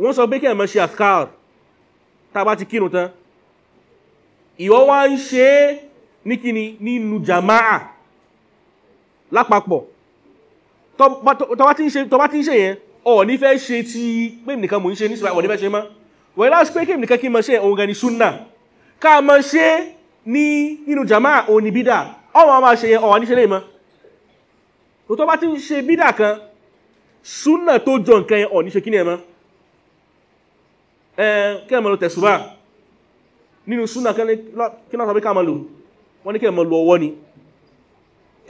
wọ́n sọ pé kí ẹ̀mọ́ ṣe àskáàr tá bá ti kírun tán ìwọ wá ń ṣe ní nínú jàmáà lápapọ̀ tọba tí ń ṣe tọba tí ń ṣe yẹn ọ̀ ní fẹ́ ṣe ti pé nìkan mò ń ṣe ní sípa ọ̀ ní fẹ́ ṣe mọ́ wọ́n láti pé kéèmì nìkan kí mọ̀ ṣe òun gan ni ká mọ̀ ṣe ní nínú jama òun ni bídà ọ̀wọ́n máa ṣe yẹn ọ̀ ní ṣe lè mọ́ tó tọba tí ń ṣe bídà kan sunna tó jọ nǹkan yẹn ọ̀ ní ṣe kí ni ẹ̀ mọ́ ẹ̀ kí ẹ̀ mọ̀ lọ tẹ̀sùbà nínú sunna kí wọ́n ní kí lọ ọwọ́ ni kí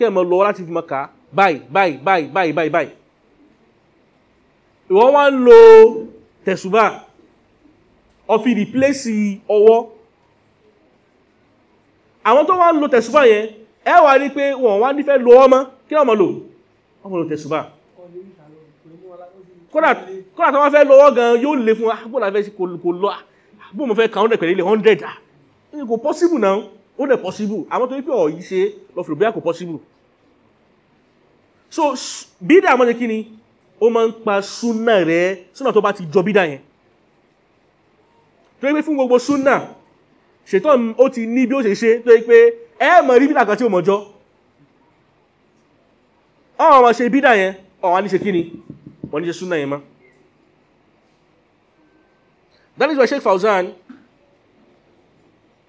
ẹ̀ mọ̀ lọ láti fi mọ̀ kàá báyìí báyìí báyìí báyìí báyìí báyìí ìwọ́n wá ń lo tẹ̀sùbá ọ̀fi rìpléṣì ọwọ́ àwọn tó wá ń lo tẹ̀sùbá yẹn ẹ wá rí pé wọ́n wá nífẹ́ lo ọmọ kí ọmọ lò ọmọ lò tẹ̀sùbá kódà tó wá fẹ́ lọ́wọ́ gan yóò lè fún agbóhùn ah, afẹ́ sí kò lọ agbóhùn ah, fẹ́ kàún dẹ̀pẹ̀lẹ̀ ilẹ̀ 100 ah kò possible náà ó dẹ̀ possible àwọn tó wípé ọ̀ yìí ṣe lọ fìrò bí i kò possible so bídà mọ́ kí ni ó máa ń pa súnà rẹ̀ súnà tó bá ti jọ bídà yẹn tó yẹ pé fún gbogbo súnà ṣètọ́ ó ti ní bí ó ṣe ṣe tó yẹ pé ẹ mọ̀ rí bídà kan tí ó mọ̀ jọ ọ̀rọ̀ wọn ṣe bídà yẹn ọ̀wọ́n ní ṣe kí ni wọ́n ní ṣe súnà yẹn mọ́ that is why Sheikh Fawzan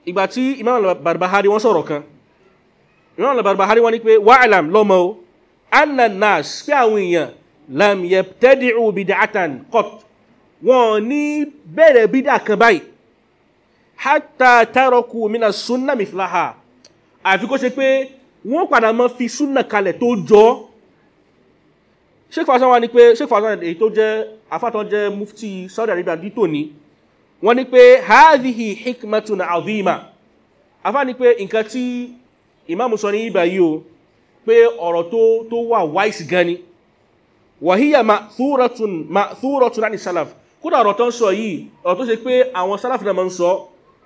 ìgbà tí Imam al-Barbahari wọ́n sọ̀rọ̀ kan Imam al-Barbahari wọ́n ní pé wa'lam lọ́mọ o ananas pé àwọn èèyàn lam yabtadi'u bid'atan qat wọn ní bẹ̀rẹ̀ bídà kan báyìí hatta taraku mina sunna mithlaha àfi kó ṣe pé wọ́n padà mọ́ fi súnà kalẹ̀ tó jọ Sheikh Fasan wá ní pé Sheikh Fasan èyí tó jẹ́ afátọ́ jẹ́ mufti Saudi Arabia dítò ní wọ́n ní pé haadhihi hikmatun azima afá ní pé nǹkan tí ìmáàmù sọ ní ibà yìí o pé ọ̀rọ̀ tó tó wà wáìsì gan ni wàhíyà ma'thuratun ma'thuratun ní salaf kódà ọ̀rọ̀ tó ń sọ yìí ọ̀rọ̀ tó ṣe pé àwọn salaf náà ma ń sọ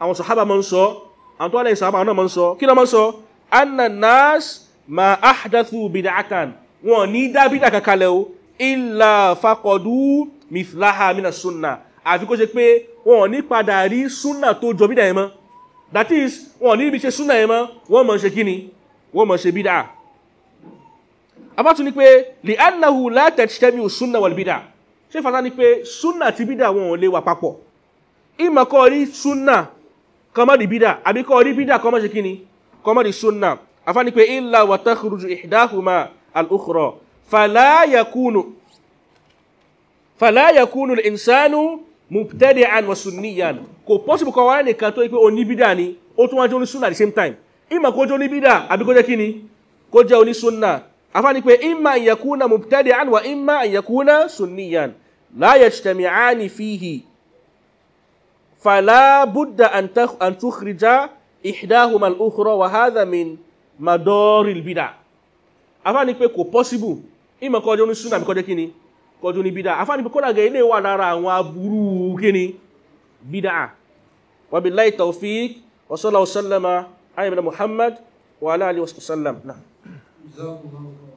àwọn sahaba ma ń sọ àwọn tó wà lẹ́yìn sahaba náà ma ń sọ kí náà ma ń sọ anna nas ma ahdathu bid'atan wọn ní dá bídà that is wọn ní ibi ṣe sunna yẹn mọ́ wọ́n mọ̀ ṣe kíni wọ́n mọ̀ ṣe bídà abátún ni pé lè anahu látẹ̀tẹ̀mí ò súnà wà bídà ṣé fata ni pé súnà àti bídà wọn ò lè wà papọ̀ ìmọ̀ kọ́ rí súnà kọ́ mọ́ di bídà àbí kọ́ rí bídà kọ́ mọ́ ṣe kíni kọ́ mọ́ di súnà afáni pé ìlà wàtàkùrùjù ìdáhùmá alùkùrọ̀ fàlàyàkùnù fàlàyàkùnù ìnsánú mubtadi an sunniyan kò possible kọ́ wá nìkan tó yẹ oníbídà ni ó tún wá jẹ́ onísúnà at the same time ìmọ̀ kó jẹ́ oníbídà àbí kó jẹ́ kíni kó jẹ́ onísúnà afáàní pé imma an yakuna mubtadi'an wa imma an yakuna sunniyan la yajtami'ani fihi fala budda an tukhrija ihdahuma al-ukhra wa hadha min madoril bid'ah afáàní pé kò possible ìmọ̀ kọjọ́ ní súnà àbíkọjọ́ kí ni kọjú ní bídá afáàní pé kódà gẹ̀ ilé wà lára àwọn aburú kí ni bídá wa billahi tawfiq wa sallallahu sallama ayyamina muhammad wa ala alihi wa sallam Güzel kullanılıyor.